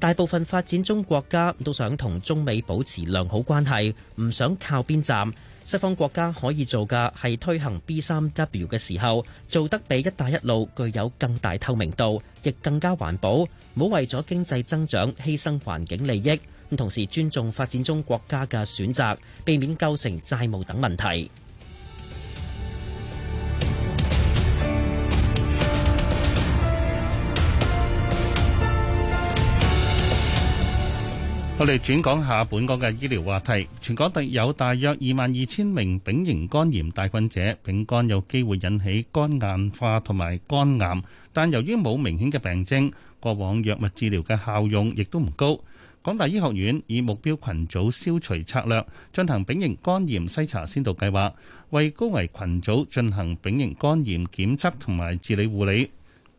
大部分發展中國家都想同中美保持良好關係，唔想靠邊站。西方國家可以做嘅係推行 B 三 W 嘅時候，做得比一帶一路具有更大透明度，亦更加環保，唔好為咗經濟增長犧牲環境利益。同時尊重發展中國家嘅選擇，避免構成債務等問題。我哋轉講下本港嘅醫療話題。全港地有大約二萬二千名丙型肝炎帶菌者，丙肝有機會引起肝硬化同埋肝癌，但由於冇明顯嘅病徵，過往藥物治療嘅效用亦都唔高。港大醫學院以目標群組消除策略進行丙型肝炎篩查先導計劃，為高危群組進行丙型肝炎檢測同埋治理護理，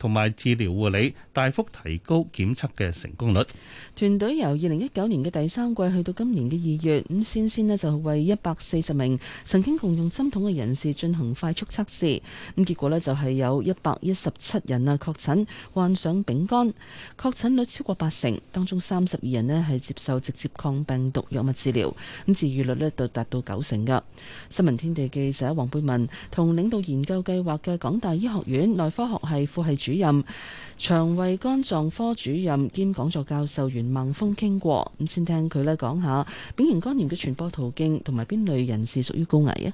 同埋治療護理，大幅提高檢測嘅成功率。團隊由二零一九年嘅第三季去到今年嘅二月，咁先先咧就為一百四十名曾經共用針筒嘅人士進行快速測試。咁結果咧就係有一百一十七人啊確診患上丙肝，確診率超過八成。當中三十二人咧係接受直接抗病毒藥物治療，咁治癒率咧就達到九成嘅。新聞天地記者黃貝文同領導研究計劃嘅港大醫學院內科學系副系主主任、腸胃肝臟科主任兼講座教授袁孟峰傾過，咁先聽佢咧講下丙型肝炎嘅傳播途徑同埋邊類人士屬於高危啊！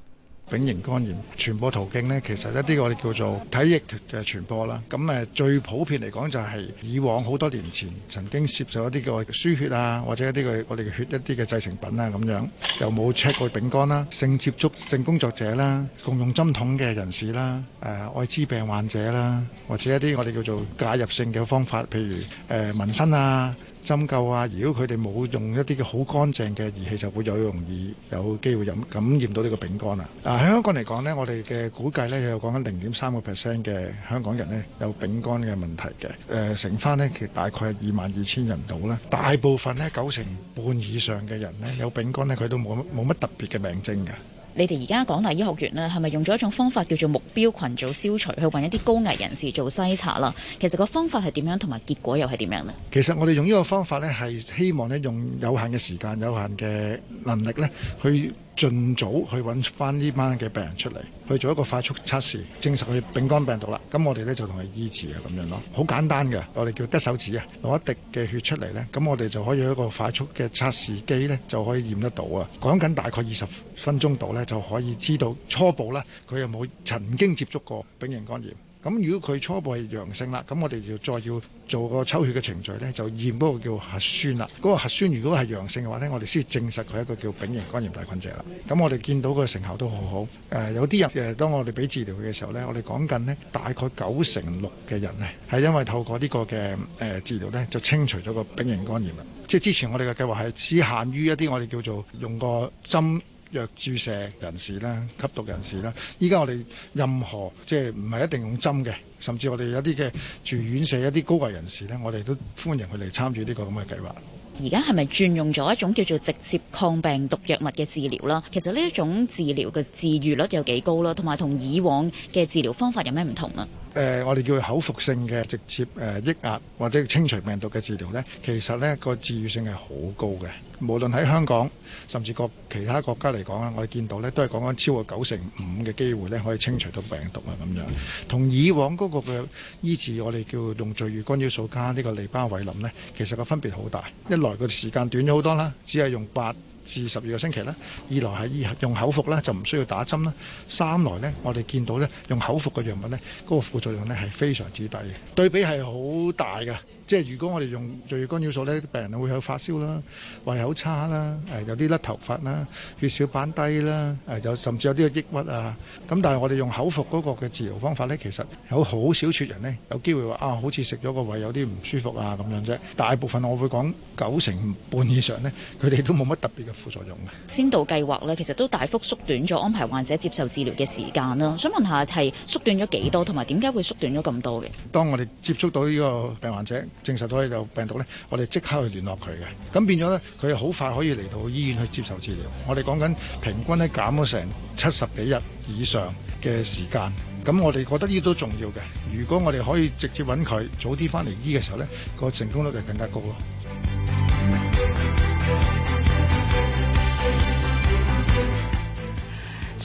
丙型肝炎傳播途徑呢，其實一啲我哋叫做體液嘅傳播啦。咁誒，最普遍嚟講就係以往好多年前曾經接受一啲嘅輸血啊，或者一啲嘅我哋嘅血一啲嘅製成品啊，咁樣又冇 check 過丙肝啦。性接觸性工作者啦，共用針筒嘅人士啦，誒，艾滋病患者啦，或者一啲我哋叫做介入性嘅方法，譬如誒紋身啊。呃針灸啊，如果佢哋冇用一啲嘅好乾淨嘅儀器，就會有容易有機會感染到呢個丙肝啊。啊、呃，喺香港嚟講呢，我哋嘅估計呢，有講緊零點三個 percent 嘅香港人呢，有丙肝嘅問題嘅。誒、呃，乘翻咧，其大概係二萬二千人度啦。大部分呢，九成半以上嘅人呢，有丙肝呢佢都冇乜冇乜特別嘅病徵嘅。你哋而家港大醫學院呢，係咪用咗一種方法叫做目標群組消除，去揾一啲高危人士做篩查啦？其實個方法係點樣，同埋結果又係點樣呢？其實，其實我哋用呢個方法呢，係希望呢用有限嘅時間、有限嘅能力呢。去。盡早去揾翻呢班嘅病人出嚟，去做一個快速測試，證實佢丙肝病毒啦。咁我哋呢就同佢醫治啊，咁樣咯，好簡單嘅。我哋叫得手指啊，攞一滴嘅血出嚟呢。咁我哋就可以一個快速嘅測試機呢，就可以驗得到啊。講緊大概二十分鐘度呢，就可以知道初步呢，佢有冇曾經接觸過丙型肝炎。咁如果佢初步係陽性啦，咁我哋就再要做個抽血嘅程序呢，就驗嗰個叫核酸啦。嗰、那個核酸如果係陽性嘅話呢，我哋先證實佢係一個叫丙型肝炎帶菌者啦。咁我哋見到個成效都好好。誒、呃、有啲人誒、呃，當我哋俾治療嘅時候呢，我哋講緊呢大概九成六嘅人呢係因為透過呢個嘅誒、呃、治療呢，就清除咗個丙型肝炎啦。即係之前我哋嘅計劃係只限於一啲我哋叫做用個針。藥注射人士啦，吸毒人士啦，依家我哋任何即係唔係一定用針嘅，甚至我哋有啲嘅住院舍一啲高危人士呢，我哋都歡迎佢哋參與呢個咁嘅計劃。而家係咪轉用咗一種叫做直接抗病毒藥物嘅治療啦？其實呢一種治療嘅治癒率有幾高啦？同埋同以往嘅治療方法有咩唔同啊？誒、呃，我哋叫口服性嘅直接誒、呃、抑壓或者清除病毒嘅治療呢，其實呢個治愈性係好高嘅。無論喺香港甚至各其他國家嚟講啦，我哋見到呢都係講緊超過九成五嘅機會呢可以清除到病毒啊，咁樣。同以往嗰個嘅醫治我哋叫用聚乙干擾素加呢個利巴韋林呢，其實個分別好大。一來個時間短咗好多啦，只係用八。至十二個星期啦，二來係用口服咧，就唔需要打針啦，三來呢，我哋見到呢，用口服嘅藥物呢，嗰個副作用呢係非常之低，對比係好大嘅。即係如果我哋用干擾素呢，病人會有發燒啦，胃口差啦，誒有啲甩頭髮啦，血小板低啦，誒有甚至有啲嘅抑鬱啊。咁但係我哋用口服嗰個嘅治療方法呢，其實有好少撮人呢，有機會話啊，好似食咗個胃有啲唔舒服啊咁樣啫。大部分我會講九成半以上呢，佢哋都冇乜特別嘅副作用嘅。先導計劃呢，其實都大幅縮短咗安排患者接受治療嘅時間啦。想問下係縮短咗幾多，同埋點解會縮短咗咁多嘅？當我哋接觸到呢個病患者。證實到呢個病毒呢，我哋即刻去聯絡佢嘅，咁變咗呢，佢好快可以嚟到醫院去接受治療。我哋講緊平均呢，減咗成七十幾日以上嘅時間，咁我哋覺得呢都重要嘅。如果我哋可以直接揾佢早啲翻嚟醫嘅時候呢，個成功率就更加高啦。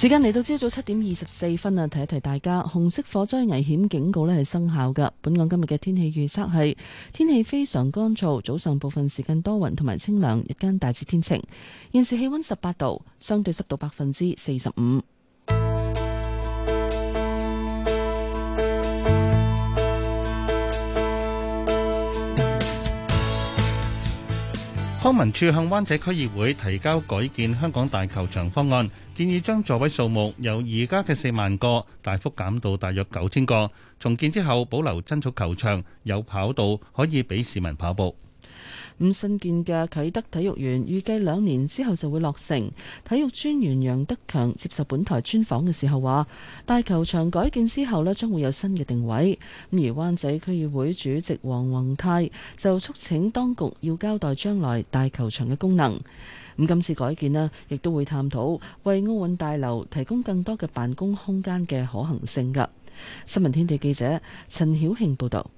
時間嚟到朝早七點二十四分啊，提一提大家，紅色火災危險警告咧係生效噶本港今日嘅天氣預測係天氣非常乾燥，早上部分時間多雲同埋清涼，日間大致天晴。現時氣溫十八度，相對濕度百分之四十五。康文署向灣仔區議會提交改建香港大球場方案，建議將座位數目由而家嘅四萬個大幅減到大約九千個。重建之後，保留真草球場，有跑道可以俾市民跑步。咁、嗯、新建嘅啟德體育園預計兩年之後就會落成。體育專員楊德強接受本台專訪嘅時候話，大球場改建之後呢，將會有新嘅定位。咁而灣仔區議會主席黃宏泰就促請當局要交代將來大球場嘅功能。咁、嗯、今次改建呢，亦都會探討為奧運大樓提供更多嘅辦公空間嘅可行性噶。新聞天地記者陳曉慶報道。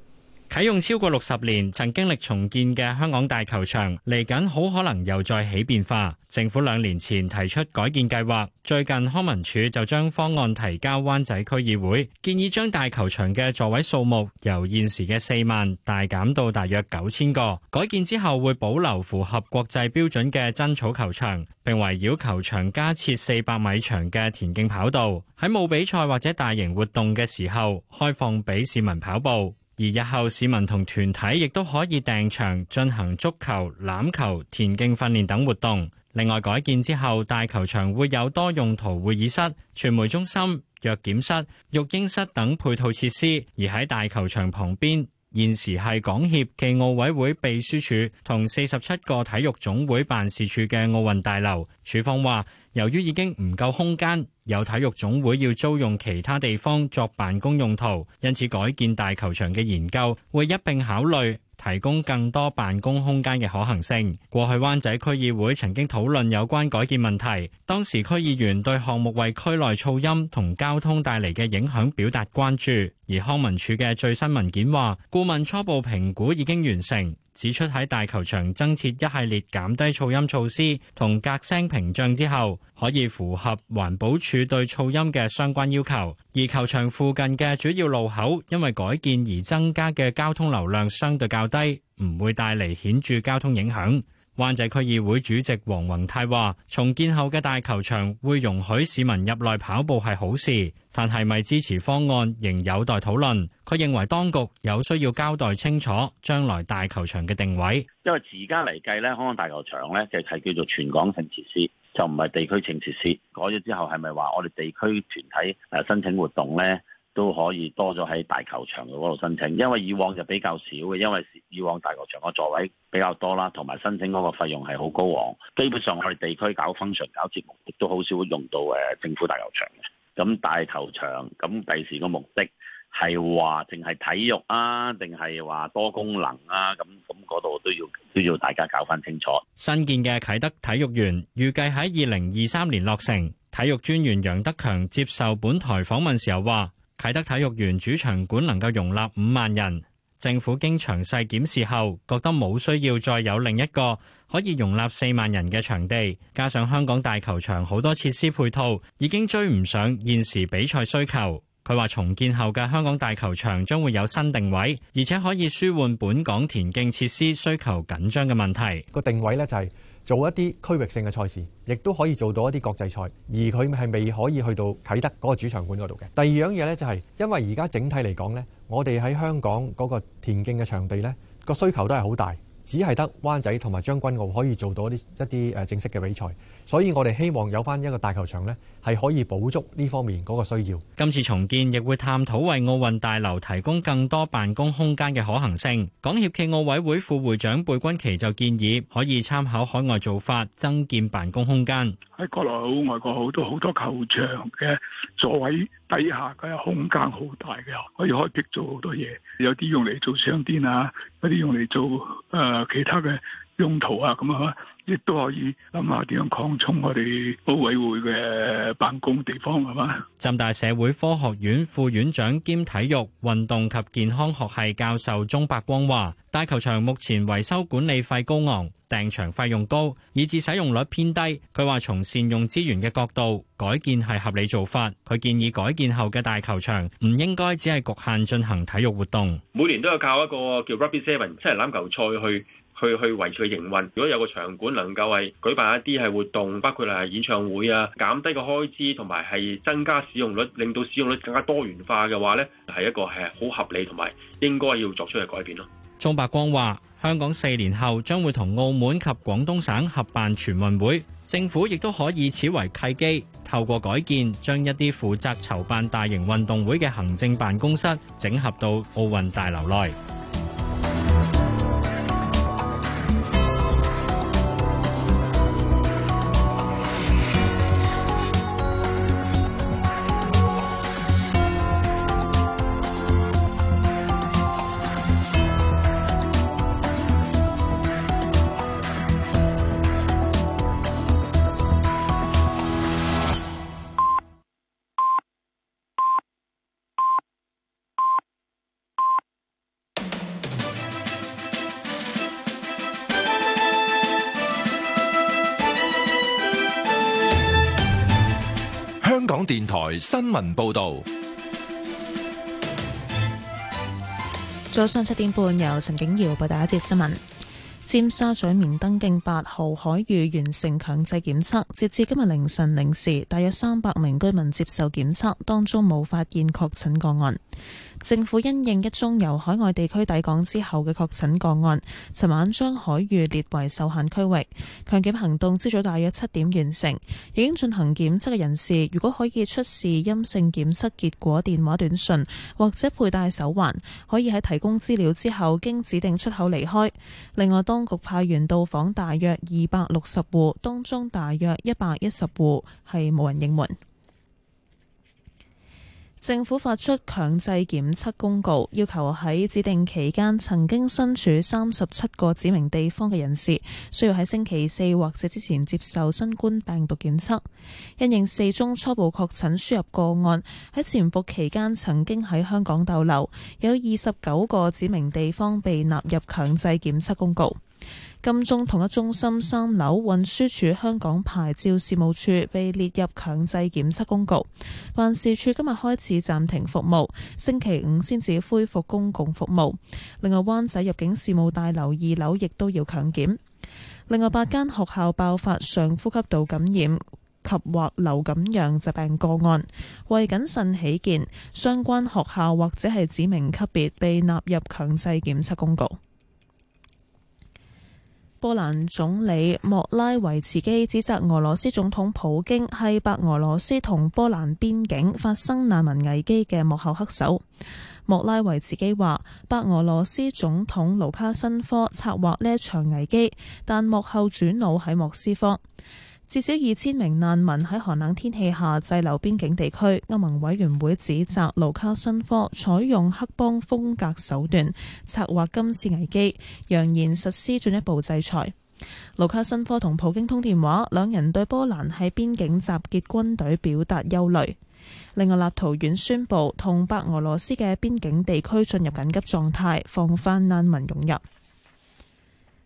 啟用超過六十年，曾經歷重建嘅香港大球場嚟緊好可能又再起變化。政府兩年前提出改建計劃，最近康文署就將方案提交灣仔區議會，建議將大球場嘅座位數目由現時嘅四萬大減到大約九千個。改建之後會保留符合國際標準嘅真草球場，並圍繞球場加設四百米長嘅田徑跑道，喺冇比賽或者大型活動嘅時候開放俾市民跑步。而日後市民同團體亦都可以訂場進行足球、籃球、田徑訓練等活動。另外，改建之後大球場會有多用途會議室、傳媒中心、藥檢室、育嬰室等配套設施。而喺大球場旁邊，現時係港協暨奧委會秘書處同四十七個體育總會辦事處嘅奧運大樓。署方話。由於已經唔夠空間，有體育總會要租用其他地方作辦公用途，因此改建大球場嘅研究會一並考慮提供更多辦公空間嘅可行性。過去灣仔區議會曾經討論有關改建問題，當時區議員對項目為區內噪音同交通帶嚟嘅影響表達關注。而康文署嘅最新文件話，顧問初步評估已經完成。指出喺大球場增設一系列減低噪音措施同隔聲屏障之後，可以符合環保署對噪音嘅相關要求。而球場附近嘅主要路口，因為改建而增加嘅交通流量相對較低，唔會帶嚟顯著交通影響。灣仔區議會主席黃宏泰話：重建後嘅大球場會容許市民入內跑步係好事，但係咪支持方案仍有待討論。佢認為當局有需要交代清楚將來大球場嘅定位，因為而家嚟計咧，香港大球場咧就係叫做全港性設施，就唔係地區性設施。改咗之後係咪話我哋地區團體誒申請活動咧？都可以多咗喺大球場嗰度申請，因為以往就比較少嘅，因為以往大球場個座位比較多啦，同埋申請嗰個費用係好高昂。基本上我哋地區搞 function 搞節目，亦都好少會用到誒政府大球場嘅。咁大球場咁第時個目的係話淨係體育啊，定係話多功能啊？咁咁嗰度都要都要大家搞翻清楚。新建嘅啟德體育園預計喺二零二三年落成。體育專員楊德強接受本台訪問時候話。啟德體育園主場館能夠容納五萬人，政府經詳細檢視後，覺得冇需要再有另一個可以容納四萬人嘅場地。加上香港大球場好多設施配套，已經追唔上現時比賽需求。佢話重建後嘅香港大球場將會有新定位，而且可以舒緩本港田徑設施需求緊張嘅問題。個定位呢就係、是。做一啲區域性嘅賽事，亦都可以做到一啲國際賽，而佢係未可以去到啟德嗰個主場館嗰度嘅。第二樣嘢咧就係、是、因為而家整體嚟講咧，我哋喺香港嗰個田徑嘅場地咧，個需求都係好大。只係得灣仔同埋將軍澳可以做到一啲一啲誒正式嘅比賽，所以我哋希望有返一個大球場呢係可以補足呢方面嗰個需要。今次重建亦會探討為奧運大樓提供更多辦公空間嘅可行性。港協暨奧委會副會長貝君琪就建議可以參考海外做法，增建辦公空間。喺國內好、外國好，都好多球場嘅座位，底下嘅空間好大嘅，可以開闢做好多嘢，有啲用嚟做商店啊，有啲用嚟做誒、呃、其他嘅用途啊，咁啊～亦都可以諗下點樣擴充我哋奧委會嘅辦公地方，係嘛？浸大社會科學院副院長兼體育運動及健康學系教授鍾伯光話：大球場目前維修管理費高昂，訂場費用高，以致使用率偏低。佢話從善用資源嘅角度，改建係合理做法。佢建議改建後嘅大球場唔應該只係局限進行體育活動。每年都有教一個叫 Rugby Seven，即係欖球賽去。去去維持佢營運，如果有個場館能夠係舉辦一啲係活動，包括例如演唱會啊，減低個開支同埋係增加使用率，令到使用率更加多元化嘅話咧，係一個係好合理同埋應該要作出嘅改變咯。鍾伯光話：香港四年後將會同澳門及廣東省合辦全運會，政府亦都可以以此為契機，透過改建將一啲負責籌辦大型運動會嘅行政辦公室整合到奧運大樓內。新聞報道。早上七點半，由陳景瑤報道一節新聞。尖沙咀棉登徑八號海域完成強制檢測，截至今日凌晨零時，大約三百名居民接受檢測，當中冇發現確診個案。政府因應一宗由海外地區抵港之後嘅確診個案，尋晚將海域列為受限區域。強檢行動朝早大約七點完成，已經進行檢測嘅人士，如果可以出示陰性檢測結果、電話短訊、或者佩戴手環，可以喺提供資料之後經指定出口離開。另外，當局派員到訪大約二百六十戶，當中大約一百一十戶係無人應門。政府發出強制檢測公告，要求喺指定期間曾經身處三十七個指明地方嘅人士，需要喺星期四或者之前接受新冠病毒檢測，因應四宗初步確診輸入個案，喺潛伏期間曾經喺香港逗留，有二十九個指明地方被納入強制檢測公告。金鐘同一中心三樓運輸署香港牌照事務處被列入強制檢測公告，辦事處今日開始暫停服務，星期五先至恢復公共服務。另外，灣仔入境事務大樓二樓亦都要強檢。另外，八間學校爆發上呼吸道感染及或流感樣疾病個案，為謹慎起見，相關學校或者係指明級別被納入強制檢測公告。波蘭總理莫拉維茨基指責俄羅斯總統普京係白俄羅斯同波蘭邊境發生難民危機嘅幕後黑手。莫拉維茨基話：白俄羅斯總統盧卡申科策劃呢一場危機，但幕後主腦喺莫斯科。至少二千名難民喺寒冷天氣下滯留邊境地區。歐盟委員會指責盧卡申科採用黑幫風格手段策劃今次危機，揚言實施進一步制裁。盧卡申科同普京通電話，兩人對波蘭喺邊境集結軍隊表達憂慮。另外，立陶宛宣布同白俄羅斯嘅邊境地區進入緊急狀態，防範難民湧入。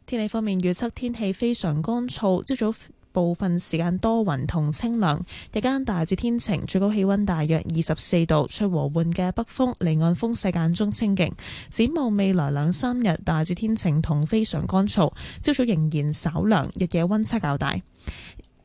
天氣方面，預測天氣非常乾燥，朝早部分時間多雲同清涼，日間大致天晴，最高氣溫大約二十四度，吹和緩嘅北風，離岸風勢間中清勁。展望未來兩三日，大致天晴同非常乾燥，朝早仍然稍涼，日夜溫差較大。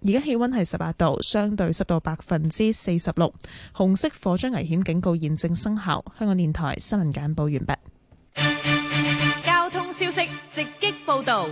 而家氣溫係十八度，相對濕度百分之四十六，紅色火災危險警告現正生效。香港電台新聞簡報完畢。交通消息直擊報道。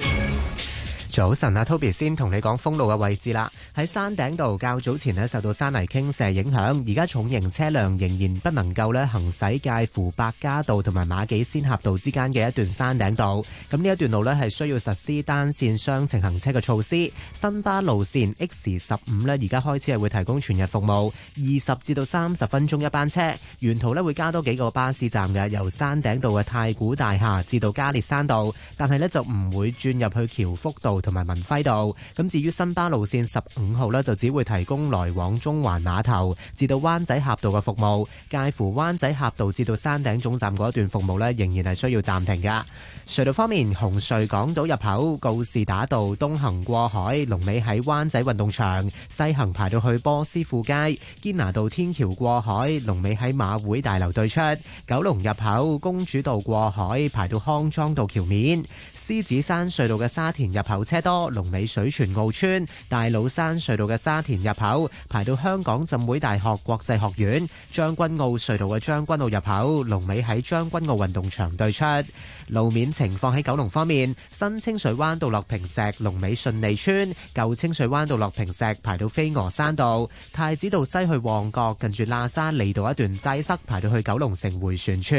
早晨啊，Toby 先同你講封路嘅位置啦。喺山頂道較早前咧受到山泥傾瀉影響，而家重型車輛仍然不能夠咧行駛介乎白加道同埋馬己仙峽道之間嘅一段山頂道。咁呢一段路咧係需要實施單線雙程行車嘅措施。新巴路線 X 十五咧而家開始係會提供全日服務，二十至到三十分鐘一班車，沿途咧會加多幾個巴士站嘅，由山頂道嘅太古大廈至到加列山道，但係咧就唔會轉入去僑福道。同埋文輝道，咁至於新巴路線十五號咧，就只會提供來往中環碼頭至到灣仔峽道嘅服務，介乎灣仔峽道至到山頂總站嗰段服務咧，仍然係需要暫停噶。隧道方面，紅隧港島入口告士打道東行過海，龍尾喺灣仔運動場，西行排到去波斯富街，堅拿道天橋過海，龍尾喺馬會大樓對出；九龍入口公主道過海，排到康莊道橋面；獅子山隧道嘅沙田入口，車多，龍尾水泉澳村、大老山隧道嘅沙田入口排到香港浸會大學國際學院，將軍澳隧道嘅將軍澳入口，龍尾喺將軍澳運動場對出。路面情況喺九龍方面，新清水灣道落坪石、龍尾順利村、舊清水灣道落坪石排到飛鵝山道；太子道西去旺角，近住喇沙利道一段擠塞，排到去九龍城迴旋處、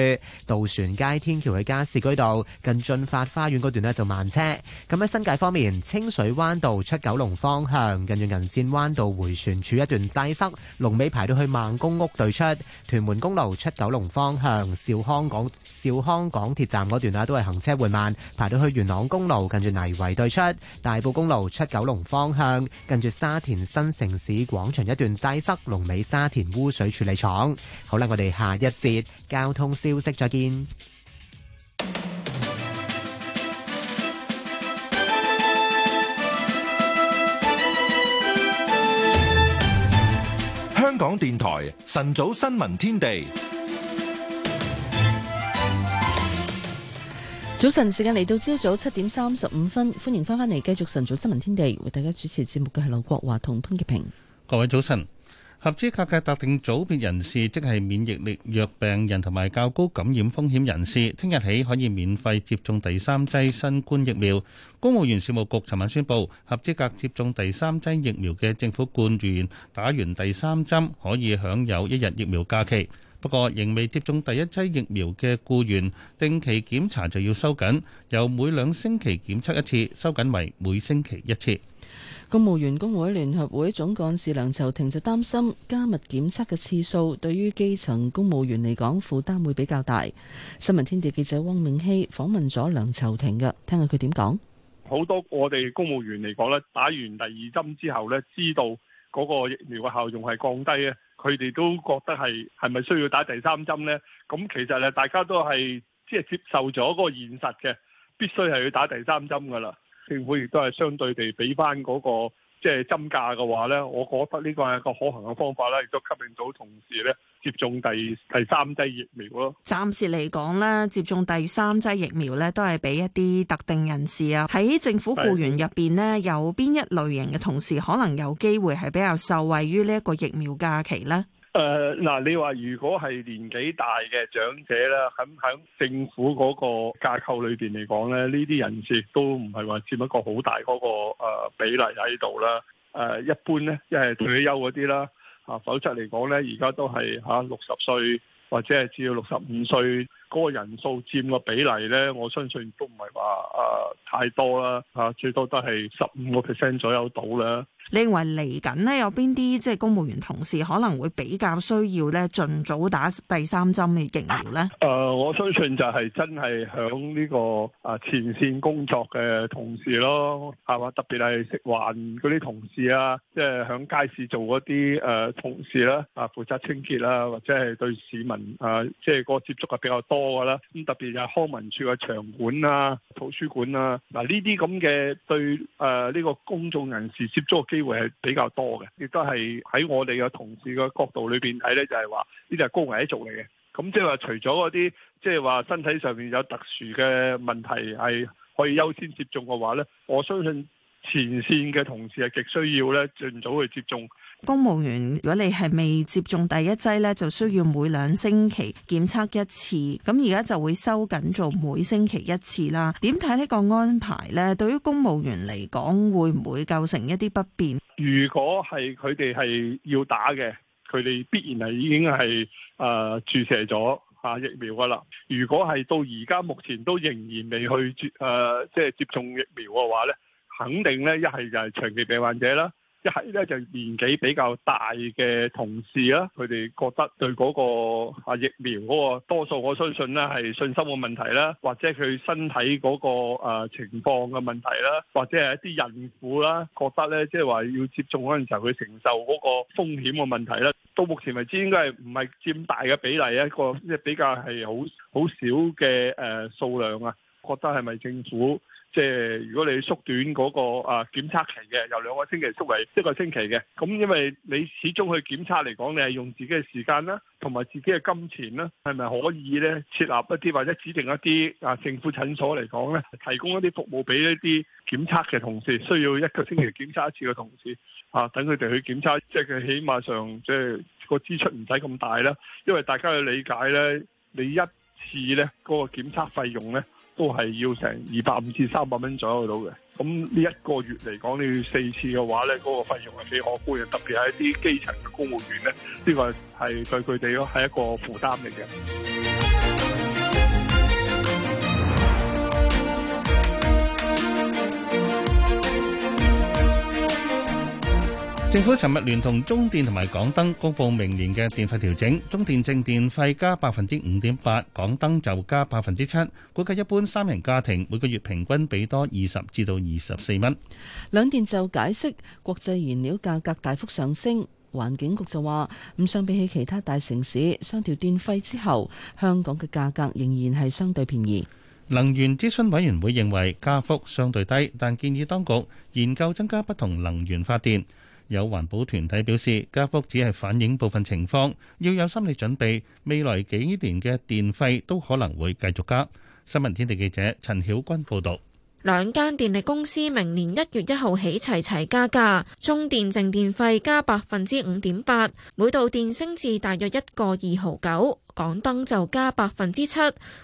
渡船街天橋去加士居道，近進發花園嗰段呢就慢車。咁喺新界方面，清水灣道出九龍方向，近住銀線灣道迴旋處一段擠塞，龍尾排到去孟公屋對出；屯門公路出九龍方向，兆康港兆康港鐵站嗰段都係行車緩慢，排到去元朗公路近住泥圍對出。大埔公路出九龍方向，近住沙田新城市廣場一段擠塞，龍尾沙田污水處理廠。好啦，我哋下一節交通消息，再見。香港電台晨早新聞天地。早晨，時間嚟到朝早七點三十五分，歡迎翻返嚟，繼續晨早新聞天地，為大家主持節目嘅係劉國華同潘潔平。各位早晨，合資格嘅特定組別人士，即係免疫力弱病人同埋較高感染風險人士，聽日起可以免費接種第三劑新冠疫苗。公務員事務局尋晚宣布，合資格接種第三劑疫苗嘅政府官員，打完第三針可以享有一日疫苗假期。不過，仍未接種第一劑疫苗嘅僱員定期檢查就要收緊，由每兩星期檢測一次收緊為每星期一次。公務員工會聯合會總幹事梁籌庭就擔心加密檢測嘅次數，對於基層公務員嚟講負擔會比較大。新聞天地記者汪明熙訪問咗梁籌庭嘅，聽下佢點講。好多我哋公務員嚟講呢，打完第二針之後呢，知道嗰個疫苗嘅效用係降低嘅。佢哋都覺得係係咪需要打第三針呢？咁其實咧，大家都係即係接受咗嗰個現實嘅，必須係要打第三針㗎啦。政府亦都係相對地俾翻嗰個。即係針假嘅話呢，我覺得呢個係一個可行嘅方法啦，亦都吸引到同事呢，接種第第三劑疫苗咯。暫時嚟講呢，接種第三劑疫苗呢，都係俾一啲特定人士啊，喺政府雇員入邊呢，有邊一類型嘅同事可能有機會係比較受惠於呢一個疫苗假期呢？誒嗱，uh, 你話如果係年紀大嘅長者啦，咁喺政府嗰個架構裏邊嚟講咧，呢啲人士都唔係話佔一個好大嗰個誒比例喺度啦。誒、uh, 一般咧，即係退休嗰啲啦，嚇、啊、否則嚟講咧，而家都係嚇六十歲或者係只要六十五歲。嗰個人數佔個比例咧，我相信都唔係話啊太多啦，啊最多都係十五個 percent 左右到啦。你認為嚟緊咧有邊啲即係公務員同事可能會比較需要咧，盡早打第三針嘅疫苗咧？誒、呃，我相信就係真係響呢個啊前線工作嘅同事咯，係嘛？特別係食環嗰啲同事啊，即係響街市做嗰啲誒同事啦、啊，啊負責清潔啦、啊，或者係對市民啊、呃，即係嗰個接觸係比較多。多噶啦，咁特別又係康文署嘅場館啊、圖書館啊，嗱呢啲咁嘅對誒呢、呃呢個公眾人士接觸嘅機會係比較多嘅，亦都係喺我哋嘅同事嘅角度裏邊睇咧，就係話呢啲係高危一族嚟嘅。咁即係話除咗嗰啲即係話身體上面有特殊嘅問題係可以優先接種嘅話咧，我相信前線嘅同事係極需要咧，儘早去接種。公務員如果你係未接種第一劑呢，就需要每兩星期檢測一次。咁而家就會收緊做每星期一次啦。點睇呢個安排呢？對於公務員嚟講，會唔會構成一啲不便？如果係佢哋係要打嘅，佢哋必然係已經係誒、呃、注射咗啊疫苗㗎喇。如果係到而家目前都仍然未去接誒、呃，即係接種疫苗嘅話呢，肯定呢一係就係長期病患者啦。一係咧就年紀比較大嘅同事啦，佢哋覺得對嗰個啊疫苗嗰個多數，我相信咧係信心嘅問題啦，或者佢身體嗰個情況嘅問題啦，或者係一啲孕婦啦覺得咧，即係話要接種嗰陣時候佢承受嗰個風險嘅問題啦。到目前為止應該係唔係佔大嘅比例一個，即係比較係好好少嘅誒數量啊，覺得係咪政府？即係如果你縮短嗰個啊檢測期嘅，由兩個星期縮為一個星期嘅，咁因為你始終去檢測嚟講，你係用自己嘅時間啦，同埋自己嘅金錢啦，係咪可以咧設立一啲或者指定一啲啊政府診所嚟講咧，提供一啲服務俾一啲檢測嘅同事，需要一個星期檢測一次嘅同事啊，等佢哋去檢測，即係佢起碼上即係個支出唔使咁大啦。因為大家去理解咧，你一次咧嗰個檢測費用咧。都係要成二百五至三百蚊左右到嘅，咁呢一個月嚟講你要四次嘅話咧，嗰個費用係幾可觀嘅，特別係一啲基層嘅公務員咧，呢個係對佢哋咯係一個負擔嚟嘅。政府尋日聯同中電同埋港燈公佈明年嘅電費調整，中電正電費加百分之五點八，港燈就加百分之七。估計一般三人家庭每個月平均俾多二十至到二十四蚊。兩電就解釋國際燃料價格大幅上升，環境局就話咁相比起其他大城市雙調電費之後，香港嘅價格仍然係相對便宜。能源諮詢委員會認為加幅相對低，但建議當局研究增加不同能源發電。有環保團體表示，加幅只係反映部分情況，要有心理準備，未來幾年嘅電費都可能會繼續加。新聞天地記者陳曉君報道，兩間電力公司明年一月一號起齊齊加價，中電淨電費加百分之五點八，每度電升至大約一個二毫九；港燈就加百分之七，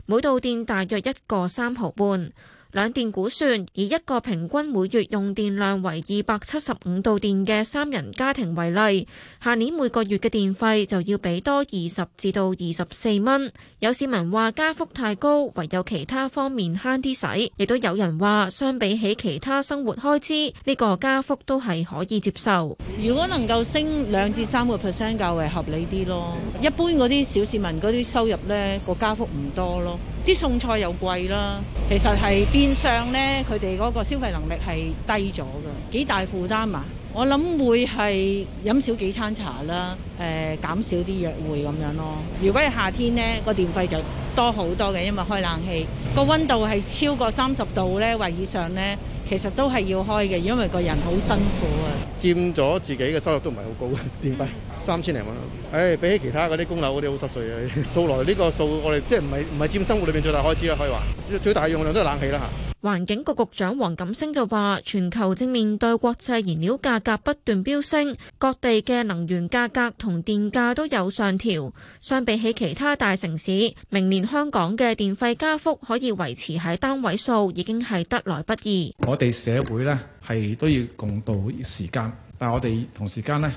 每度電大約一個三毫半。兩電估算，以一個平均每月用電量為二百七十五度電嘅三人家庭為例，下年每個月嘅電費就要畀多二十至到二十四蚊。有市民話加幅太高，唯有其他方面慳啲使。亦都有人話，相比起其他生活開支，呢個加幅都係可以接受。如果能夠升兩至三個 percent，較為合理啲咯。一般嗰啲小市民嗰啲收入呢，個加幅唔多咯。啲餸菜又貴啦，其實係變相呢？佢哋嗰個消費能力係低咗嘅，幾大負擔啊！我諗會係飲少幾餐茶啦，誒、呃、減少啲約會咁樣咯。如果係夏天呢，個電費就多好多嘅，因為開冷氣個温度係超過三十度呢，或以上呢，其實都係要開嘅，因為個人好辛苦啊。佔咗自己嘅收入都唔係好高，電費三千零蚊。誒、哎，比起其他嗰啲供樓嗰啲好濕碎啊！ <laughs> 數來呢個數，我哋即係唔係唔係佔生活裏面最大開支啦，可以話最大用量都係冷氣啦嚇。環境局局長黃錦星就話，全球正面對國際燃料價格不斷飆升，各地嘅能源價格同電價都有上調。相比起其他大城市，明年香港嘅電費加幅可以維持喺單位數，已經係得來不易。我哋社會呢，係都要共度時間，但我哋同時間呢。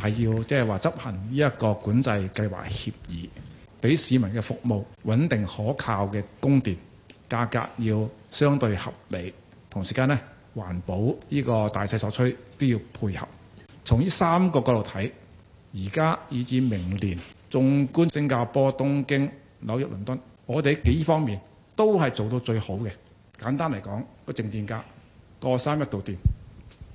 係要即係話執行呢一個管制計劃協議，俾市民嘅服務穩定可靠嘅供電，價格要相對合理，同時間呢，環保呢個大勢所趨都要配合。從呢三個角度睇，而家以至明年，縱觀新加坡、東京、紐約、倫敦，我哋呢幾方面都係做到最好嘅。簡單嚟講，個正電價過三一度電，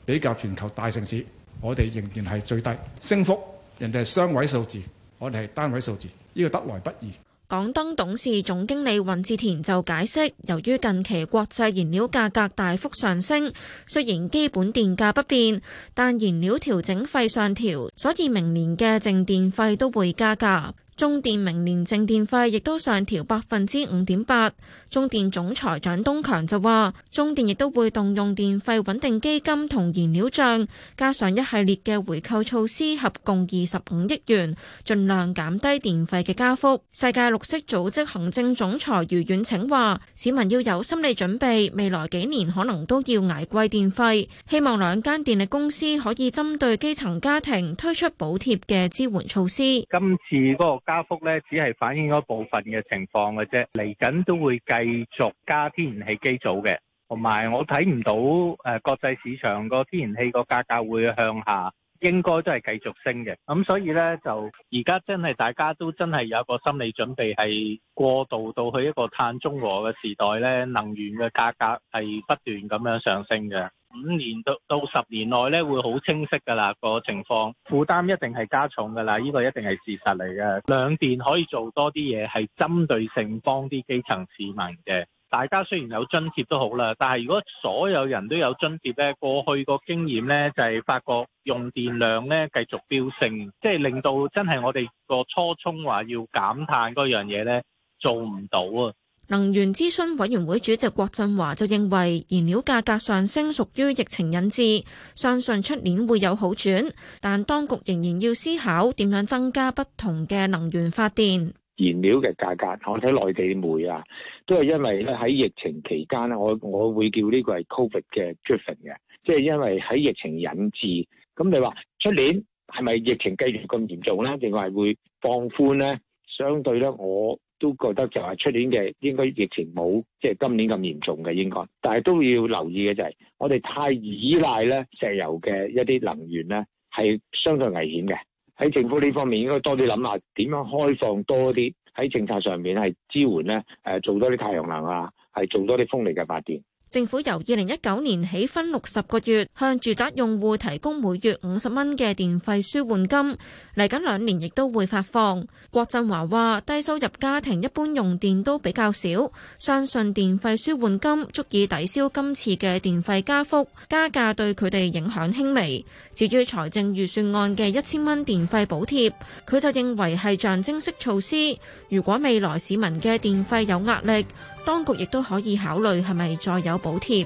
比較全球大城市。我哋仍然係最低升幅，人哋係雙位數字，我哋係單位數字，呢個得來不易。港燈董事總經理尹志田就解釋，由於近期國際燃料價格大幅上升，雖然基本電價不變，但燃料調整費上調，所以明年嘅淨電費都會加價。中電明年淨電費亦都上調百分之五點八，中電總裁蔣東強就話：中電亦都會動用電費穩定基金同燃料賬，加上一系列嘅回購措施，合共二十五億元，盡量減低電費嘅加幅。世界綠色組織行政總裁余遠騁話：市民要有心理準備，未來幾年可能都要捱貴電費。希望兩間電力公司可以針對基層家庭推出補貼嘅支援措施。今次個加幅咧，只係反映咗部分嘅情況嘅啫，嚟緊都會繼續加天然氣機組嘅，同埋我睇唔到誒、呃、國際市場個天然氣個價格會向下，應該都係繼續升嘅。咁所以咧，就而家真係大家都真係有一個心理準備，係過渡到去一個碳中和嘅時代咧，能源嘅價格係不斷咁樣上升嘅。五年到到十年內咧，會好清晰噶啦個情況，負擔一定係加重噶啦，呢個一定係事實嚟嘅。兩電可以做多啲嘢，係針對性幫啲基層市民嘅。大家雖然有津貼都好啦，但係如果所有人都有津貼咧，過去個經驗咧就係發覺用電量咧繼續飆升，即係令到真係我哋個初衷話要減碳嗰樣嘢咧做唔到啊。能源諮詢委員會主席郭振華就認為燃料價格上升屬於疫情引致，相信出年會有好轉，但當局仍然要思考點樣增加不同嘅能源發電。燃料嘅價格，我睇內地煤啊，都係因為咧喺疫情期間咧，我我會叫呢個係 Covid 嘅 driven 嘅，即係、就是、因為喺疫情引致。咁你話出年係咪疫情繼續咁嚴重咧，定係會放寬咧？相對咧，我。都覺得就係出年嘅應該疫情冇即係今年咁嚴重嘅，應該，但係都要留意嘅就係我哋太依賴咧石油嘅一啲能源咧係相當危險嘅。喺政府呢方面應該多啲諗下點樣開放多啲喺政策上面係支援咧誒做多啲太陽能啊，係做多啲風力嘅發電。政府由二零一九年起分六十個月向住宅用戶提供每月五十蚊嘅電費紓緩金，嚟緊兩年亦都會發放。郭振華話：低收入家庭一般用電都比較少，相信電費紓緩金足以抵消今次嘅電費加幅加價，對佢哋影響輕微。至於財政預算案嘅一千蚊電費補貼，佢就認為係象徵式措施。如果未來市民嘅電費有壓力，當局亦都可以考慮，係咪再有補貼。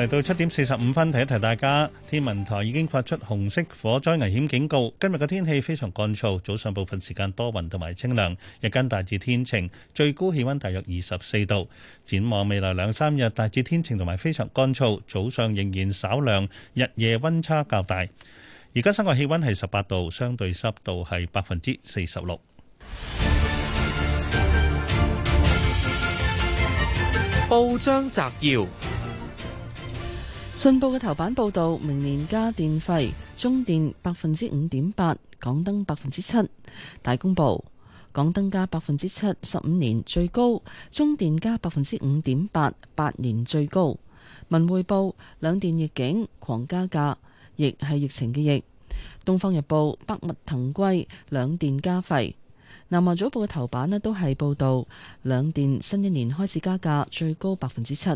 嚟到七點四十五分，提一提大家，天文台已經發出紅色火災危險警告。今日嘅天氣非常乾燥，早上部分時間多雲同埋清涼，日間大致天晴，最高氣温大約二十四度。展望未來兩三日，大致天晴同埋非常乾燥，早上仍然稍涼，日夜温差較大。而家室外氣温係十八度，相對濕度係百分之四十六。報章摘要。信報嘅頭版報道，明年加電費，中電百分之五點八，港燈百分之七，大公報，港燈加百分之七，十五年最高，中電加百分之五點八，八年最高。文匯報兩電逆境，狂加價，亦係疫情嘅逆。東方日報百物騰貴兩電加費，南華早報嘅頭版咧都係報道兩電新一年開始加價，最高百分之七。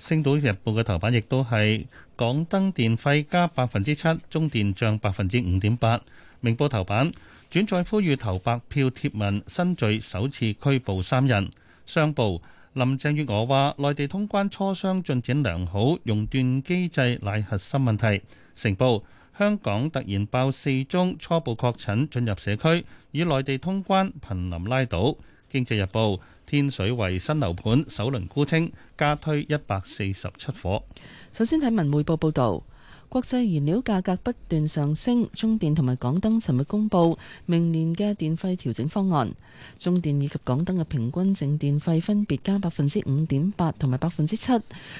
《星島日報》嘅頭版亦都係港燈電費加百分之七，中電漲百分之五點八。明報頭版轉載呼籲投白票貼文，新罪首次拘捕三人。商報林鄭月娥話：內地通關磋商進展良好，熔斷機制乃核心問題。成報香港突然爆四宗初步確診進入社區，與內地通關瀕臨拉倒。經濟日報：天水圍新樓盤首輪沽清，加推一百四十七伙。首先睇文匯報報道，國際燃料價格不斷上升，中電同埋港燈尋日公布明年嘅電費調整方案。中電以及港燈嘅平均正電費分別加百分之五點八同埋百分之七，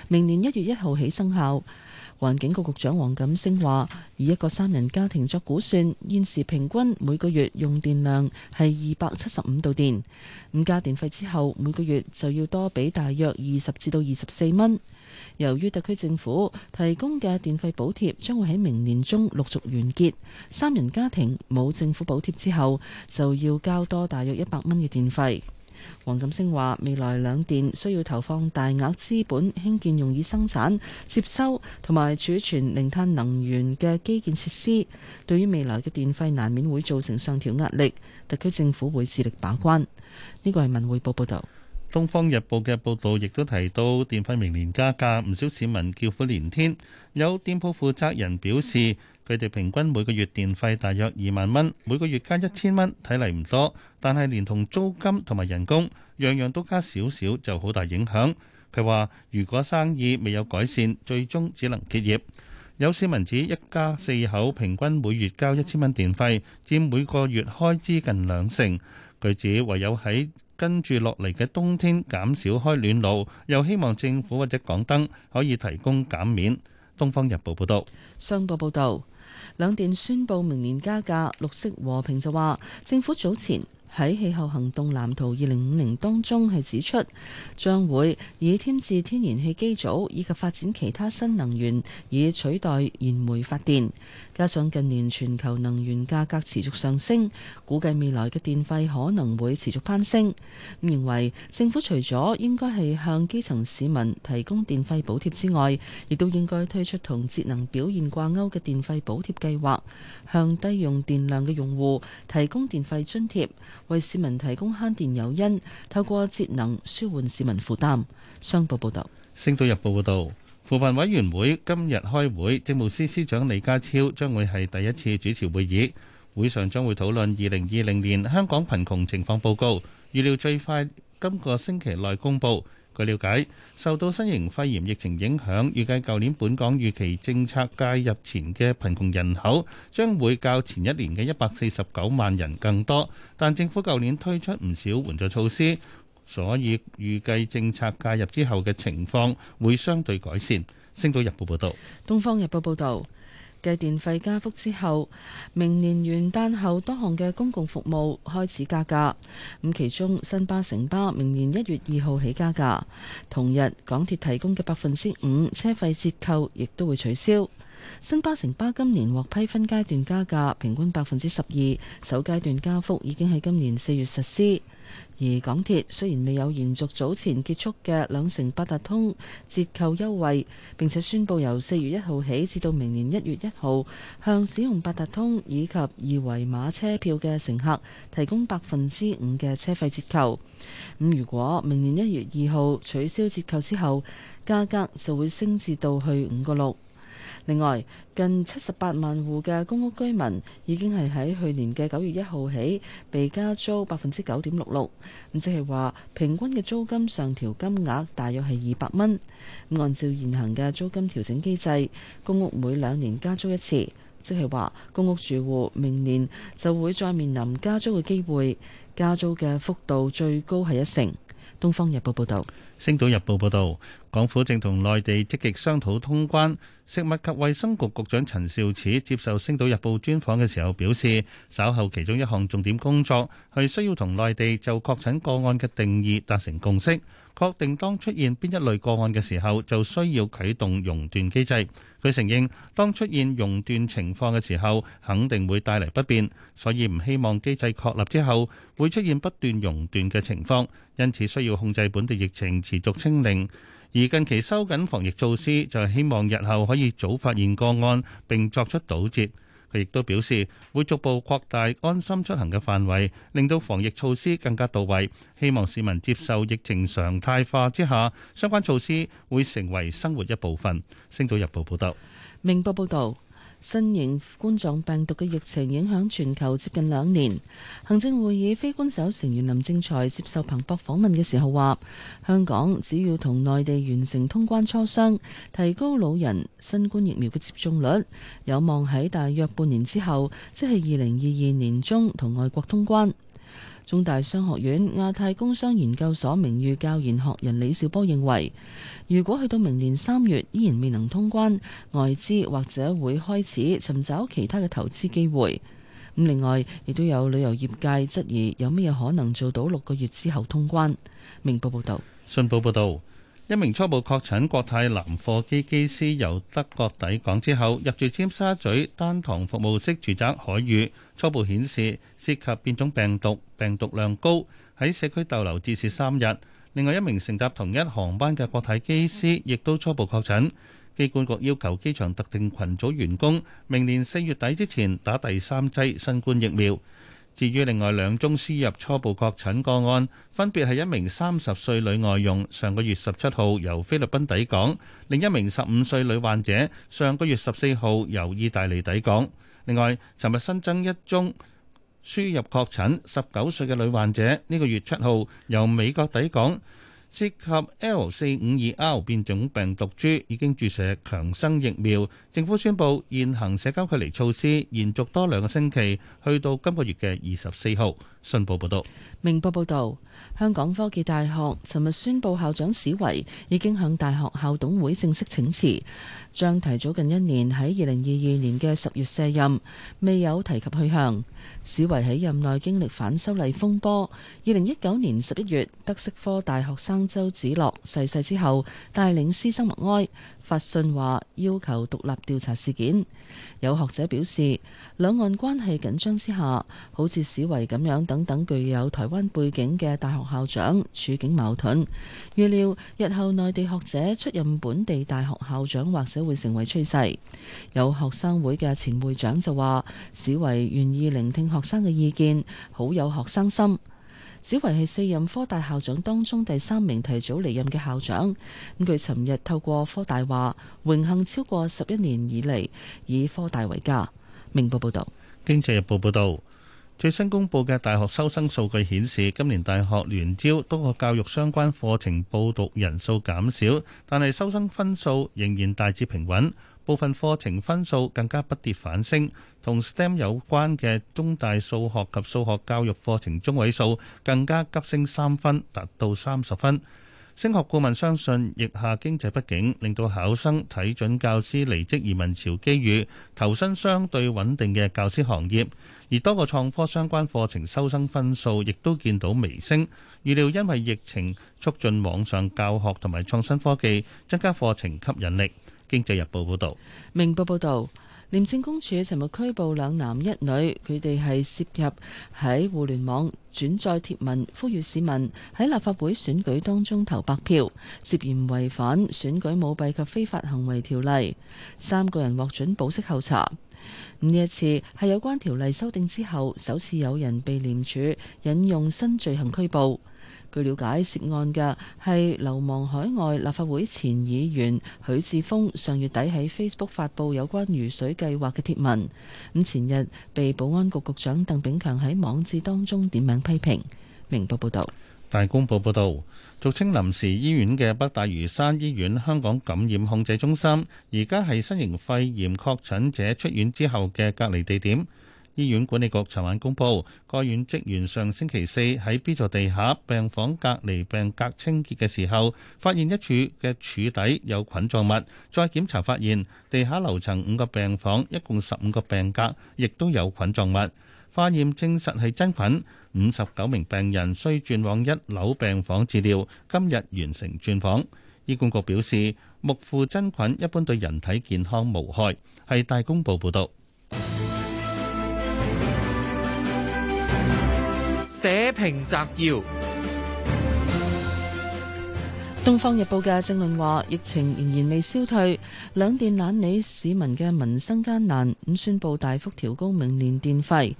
明年一月一號起生效。環境局局長黃錦星話：以一個三人家庭作估算，現時平均每個月用電量係二百七十五度電。咁加電費之後，每個月就要多俾大約二十至到二十四蚊。由於特區政府提供嘅電費補貼將會喺明年中陸續完結，三人家庭冇政府補貼之後，就要交多大約一百蚊嘅電費。黃錦星話，未來兩電需要投放大額資本興建，容易生產、接收同埋儲存零碳能源嘅基建設施，對於未來嘅電費難免會造成上調壓力。特區政府會致力把關。呢個係《文匯報》報道，《東方日報》嘅報道亦都提到，電費明年加價，唔少市民叫苦連天。有店鋪負責人表示。佢哋平均每個月電費大約二萬蚊，每個月加一千蚊，睇嚟唔多，但係連同租金同埋人工，樣樣都加少少就好大影響。佢話：如果生意未有改善，最終只能結業。有市民指一家四口平均每月交一千蚊電費，佔每個月開支近兩成。佢指唯有喺跟住落嚟嘅冬天減少開暖爐，又希望政府或者港燈可以提供減免。《東方日報》報道。商報報導。兩電宣布明年加價，綠色和平就話政府早前。喺氣候行動藍圖二零五零當中係指出，將會以添置天然氣機組以及發展其他新能源，以取代燃煤發電。加上近年全球能源價格持續上升，估計未來嘅電費可能會持續攀升。咁認為政府除咗應該係向基層市民提供電費補貼之外，亦都應該推出同節能表現掛鈎嘅電費補貼計劃，向低用電量嘅用戶提供電費津貼。為市民提供慳電誘因，透過節能舒緩市民負擔。商報報道。星島日報報道，扶貧委員會今日開會，政務司司長李家超將會係第一次主持會議，會上將會討論二零二零年香港貧窮情況報告，預料最快今個星期內公布。據了解，受到新型肺炎疫情影響，預計舊年本港預期政策介入前嘅貧窮人口將會較前一年嘅一百四十九萬人更多。但政府舊年推出唔少援助措施，所以預計政策介入之後嘅情況會相對改善。星島日報報道。東方日報報道。計電費加幅之後，明年元旦後多項嘅公共服務開始加價。咁其中，新巴、城巴明年一月二號起加價，同日港鐵提供嘅百分之五車費折扣亦都會取消。新巴、城巴今年獲批分階段加價，平均百分之十二，首階段加幅已經喺今年四月實施。而港鐵雖然未有延續早前結束嘅兩成八達通折扣優惠，並且宣布由四月一號起至到明年一月一號，向使用八達通以及二維碼車票嘅乘客提供百分之五嘅車費折扣。咁、嗯、如果明年一月二號取消折扣之後，價格就會升至到去五個六。另外，近七十八萬戶嘅公屋居民已經係喺去年嘅九月一號起被加租百分之九點六六，咁即係話平均嘅租金上調金額大約係二百蚊。按照現行嘅租金調整機制，公屋每兩年加租一次，即係話公屋住戶明年就會再面臨加租嘅機會，加租嘅幅度最高係一成。《東方日報》報道。星島日報報道，港府正同內地積極商討通關。食物及衛生局局長陳肇始接受星島日報專訪嘅時候表示，稍後其中一項重點工作係需要同內地就確診個案嘅定義達成共識。確定當出現邊一類個案嘅時候，就需要啟動熔斷機制。佢承認當出現熔斷情況嘅時候，肯定會帶嚟不便，所以唔希望機制確立之後會出現不斷熔斷嘅情況。因此需要控制本地疫情持續清零。而近期收緊防疫措施，就係希望日後可以早發現個案並作出堵截。佢亦都表示，會逐步擴大安心出行嘅範圍，令到防疫措施更加到位。希望市民接受疫情常態化之下，相關措施會成為生活一部分。星島日報報道。明報報導。新型冠狀病毒嘅疫情影響全球接近兩年。行政會議非官守成員林正財接受彭博訪問嘅時候話：香港只要同內地完成通關磋商，提高老人新冠疫苗嘅接種率，有望喺大約半年之後，即係二零二二年中同外國通關。中大商學院亞太工商研究所名譽教研學人李兆波認為，如果去到明年三月依然未能通關，外資或者會開始尋找其他嘅投資機會。咁另外，亦都有旅遊業界質疑有咩可能做到六個月之後通關。明報報道。信報報導。一名初步確診國泰南貨機機師由德國抵港之後，入住尖沙咀丹塘服務式住宅海宇，初步顯示涉及變種病毒，病毒量高，喺社區逗留至少三日。另外一名乘搭同一航班嘅國泰機師亦都初步確診，機管局要求機場特定群組員工明年四月底之前打第三劑新冠疫苗。至於另外兩宗輸入初步確診個案，分別係一名三十歲女外傭，上個月十七號由菲律賓抵港；另一名十五歲女患者，上個月十四號由意大利抵港。另外，尋日新增一宗輸入確診，十九歲嘅女患者，呢、這個月七號由美國抵港。涉及 L 四五二 R 變種病毒株，已經注射強生疫苗。政府宣布現行社交距離措施延續多兩個星期，去到今個月嘅二十四號，信報報道，明報報道。香港科技大學尋日宣布，校長史維已經向大學校董會正式請辭，將提早近一年喺二零二二年嘅十月卸任，未有提及去向。史維喺任內經歷反修例風波，二零一九年十一月，得悉科大學生周子樂逝世之後，帶領師生默哀。發信話要求獨立調查事件。有學者表示，兩岸關係緊張之下，好似史維咁樣，等等具有台灣背景嘅大學校長處境矛盾。預料日後內地學者出任本地大學校長，或者會成為趨勢。有學生會嘅前會長就話，史維願意聆聽學生嘅意見，好有學生心。小維係四任科大校長當中第三名提早離任嘅校長，據尋日透過科大話，榮幸超過十一年以嚟以科大為家。明報報道、經濟日報報道，最新公佈嘅大學收生數據顯示，今年大學聯招多個教育相關課程報讀人數減少，但係收生分數仍然大致平穩。部分課程分數更加不跌反升，同 STEM 有關嘅中大數學及數學教育課程中位數更加急升三分，達到三十分。升學顧問相信，疫下經濟不景，令到考生睇準教師離職移民潮機遇，投身相對穩定嘅教師行業。而多個創科相關課程收生分數亦都見到微升，預料因為疫情促進網上教學同埋創新科技，增加課程吸引力。《經濟日報》報導，《明報》報導，廉政公署尋日拘捕兩男一女，佢哋係涉入喺互聯網轉載帖文，呼籲市民喺立法會選舉當中投白票，涉嫌違反《選舉舞弊及非法行為條例》，三個人獲准保釋候查。咁呢一次係有關條例修訂之後，首次有人被廉署引用新罪行拘捕。據瞭解，涉案嘅係流亡海外立法會前議員許智峰，上月底喺 Facebook 發布有關魚水計劃嘅帖文，咁前日被保安局局長鄧炳強喺網誌當中點名批評。明報報導，大公報報導，俗稱臨時醫院嘅北大嶼山醫院香港感染控制中心，而家係新型冠狀肺炎確診者出院之後嘅隔離地點。醫院管理局尋晚公布，該院職員上星期四喺 B 座地下病房隔離病格清潔嘅時候，發現一處嘅柱底有菌狀物，再檢查發現地下樓層五個病房一共十五個病格，亦都有菌狀物，化驗證實係真菌，五十九名病人需轉往一樓病房治療，今日完成轉房。醫管局表示，木腐真菌一般對人體健康無害。係大公報報道。社評摘要。東方日報嘅正論話：疫情仍然未消退，兩電懶理市民嘅民生艱難，咁宣布大幅調高明年電費。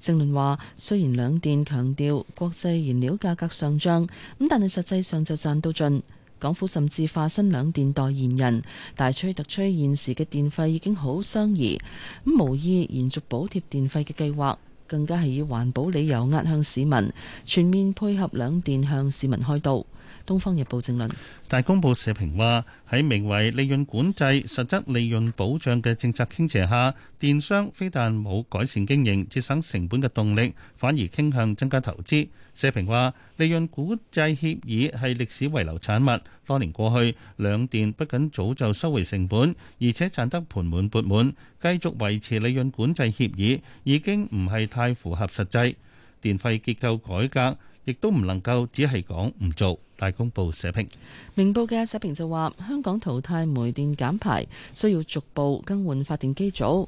正論話：雖然兩電強調國際燃料價格上漲，咁但係實際上就賺到盡。港府甚至化身兩電代言人，大吹特吹現時嘅電費已經好相宜，咁無意延續補貼電費嘅計劃。更加係以環保理由壓向市民，全面配合兩電向市民開刀。《東方日報》正論，大公報社評話喺名為利潤管制、實質利潤保障嘅政策傾斜下，電商非但冇改善經營、節省成本嘅動力，反而傾向增加投資。社評話：利潤管制協議係歷史遺留產物，多年過去，兩電不僅早就收回成本，而且賺得盆滿缽滿。繼續維持利潤管制協議已經唔係太符合實際。電費結構改革亦都唔能夠只係講唔做。大公報社評，明報嘅社評就話香港淘汰煤電減排需要逐步更換發電機組。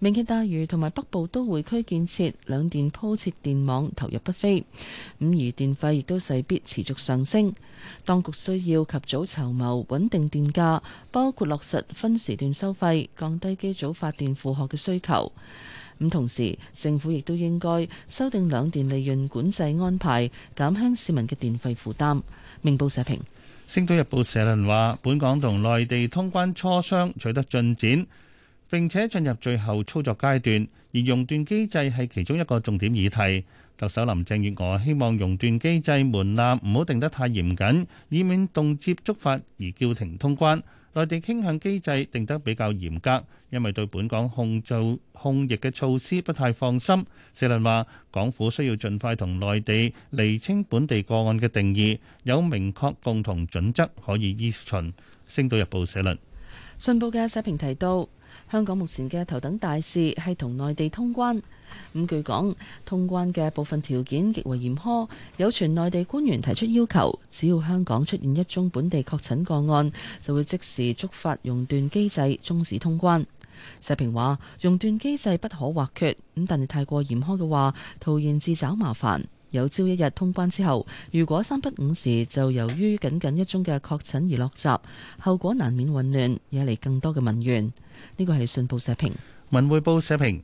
明日大嶼同埋北部都會區建設兩電鋪設電網投入不菲，咁而電費亦都勢必持續上升。當局需要及早籌謀穩定電價，包括落實分時段收費，降低機組發電負荷嘅需求。咁同時政府亦都應該修訂兩電利潤管制安排，減輕市民嘅電費負擔。明報社評，《星島日報》社論話：本港同內地通關初商取得進展，並且進入最後操作階段，而熔斷機制係其中一個重點議題。特首林鄭月娥希望熔斷機制門檻唔好定得太嚴謹，以免動輒觸法而叫停通關。內地傾向機制定得比較嚴格，因為對本港控制控疫嘅措施不太放心。社論話，港府需要盡快同內地釐清本地個案嘅定義，有明確共同準則可以依循。星島日報社論。信報嘅社評提到，香港目前嘅頭等大事係同內地通關。咁、嗯、據講，通關嘅部分條件極為嚴苛，有傳內地官員提出要求，只要香港出現一宗本地確診個案，就會即時觸發熔斷機制，終止通關。社評話，熔斷機制不可或缺，咁但係太過嚴苛嘅話，徒然自找麻煩。有朝一日通關之後，如果三不五時就由於僅僅一宗嘅確診而落閘，後果難免混亂，惹嚟更多嘅民怨。呢個係信報社評，文匯報社評。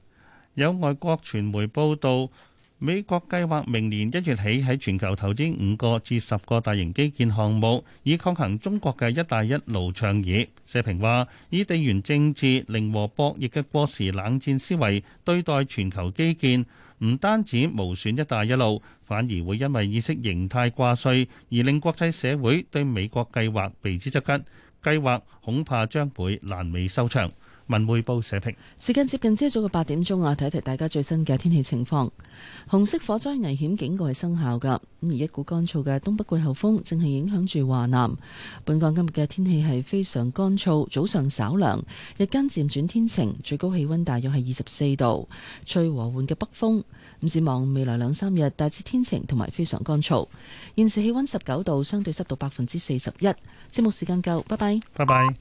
有外國傳媒報道，美國計劃明年一月起喺全球投資五個至十個大型基建項目，以抗衡中國嘅「一帶一路」倡議。社評話：以地緣政治零和博弈嘅過時冷戰思維對待全球基建，唔單止無損「一帶一路」，反而會因為意識形態掛帥而令國際社會對美國計劃避之則吉。計劃恐怕將會難尾收場。文匯報社評。時間接近朝早嘅八點鐘啊，睇一睇大家最新嘅天氣情況。紅色火災危險警告係生效噶，咁而一股乾燥嘅東北季候風正係影響住華南。本港今日嘅天氣係非常乾燥，早上稍涼，日間漸轉天晴，最高氣温大約係二十四度，吹和緩嘅北風。咁展望未來兩三日，大致天晴同埋非常乾燥。現時氣温十九度，相對濕度百分之四十一。節目時間夠，拜拜，拜拜。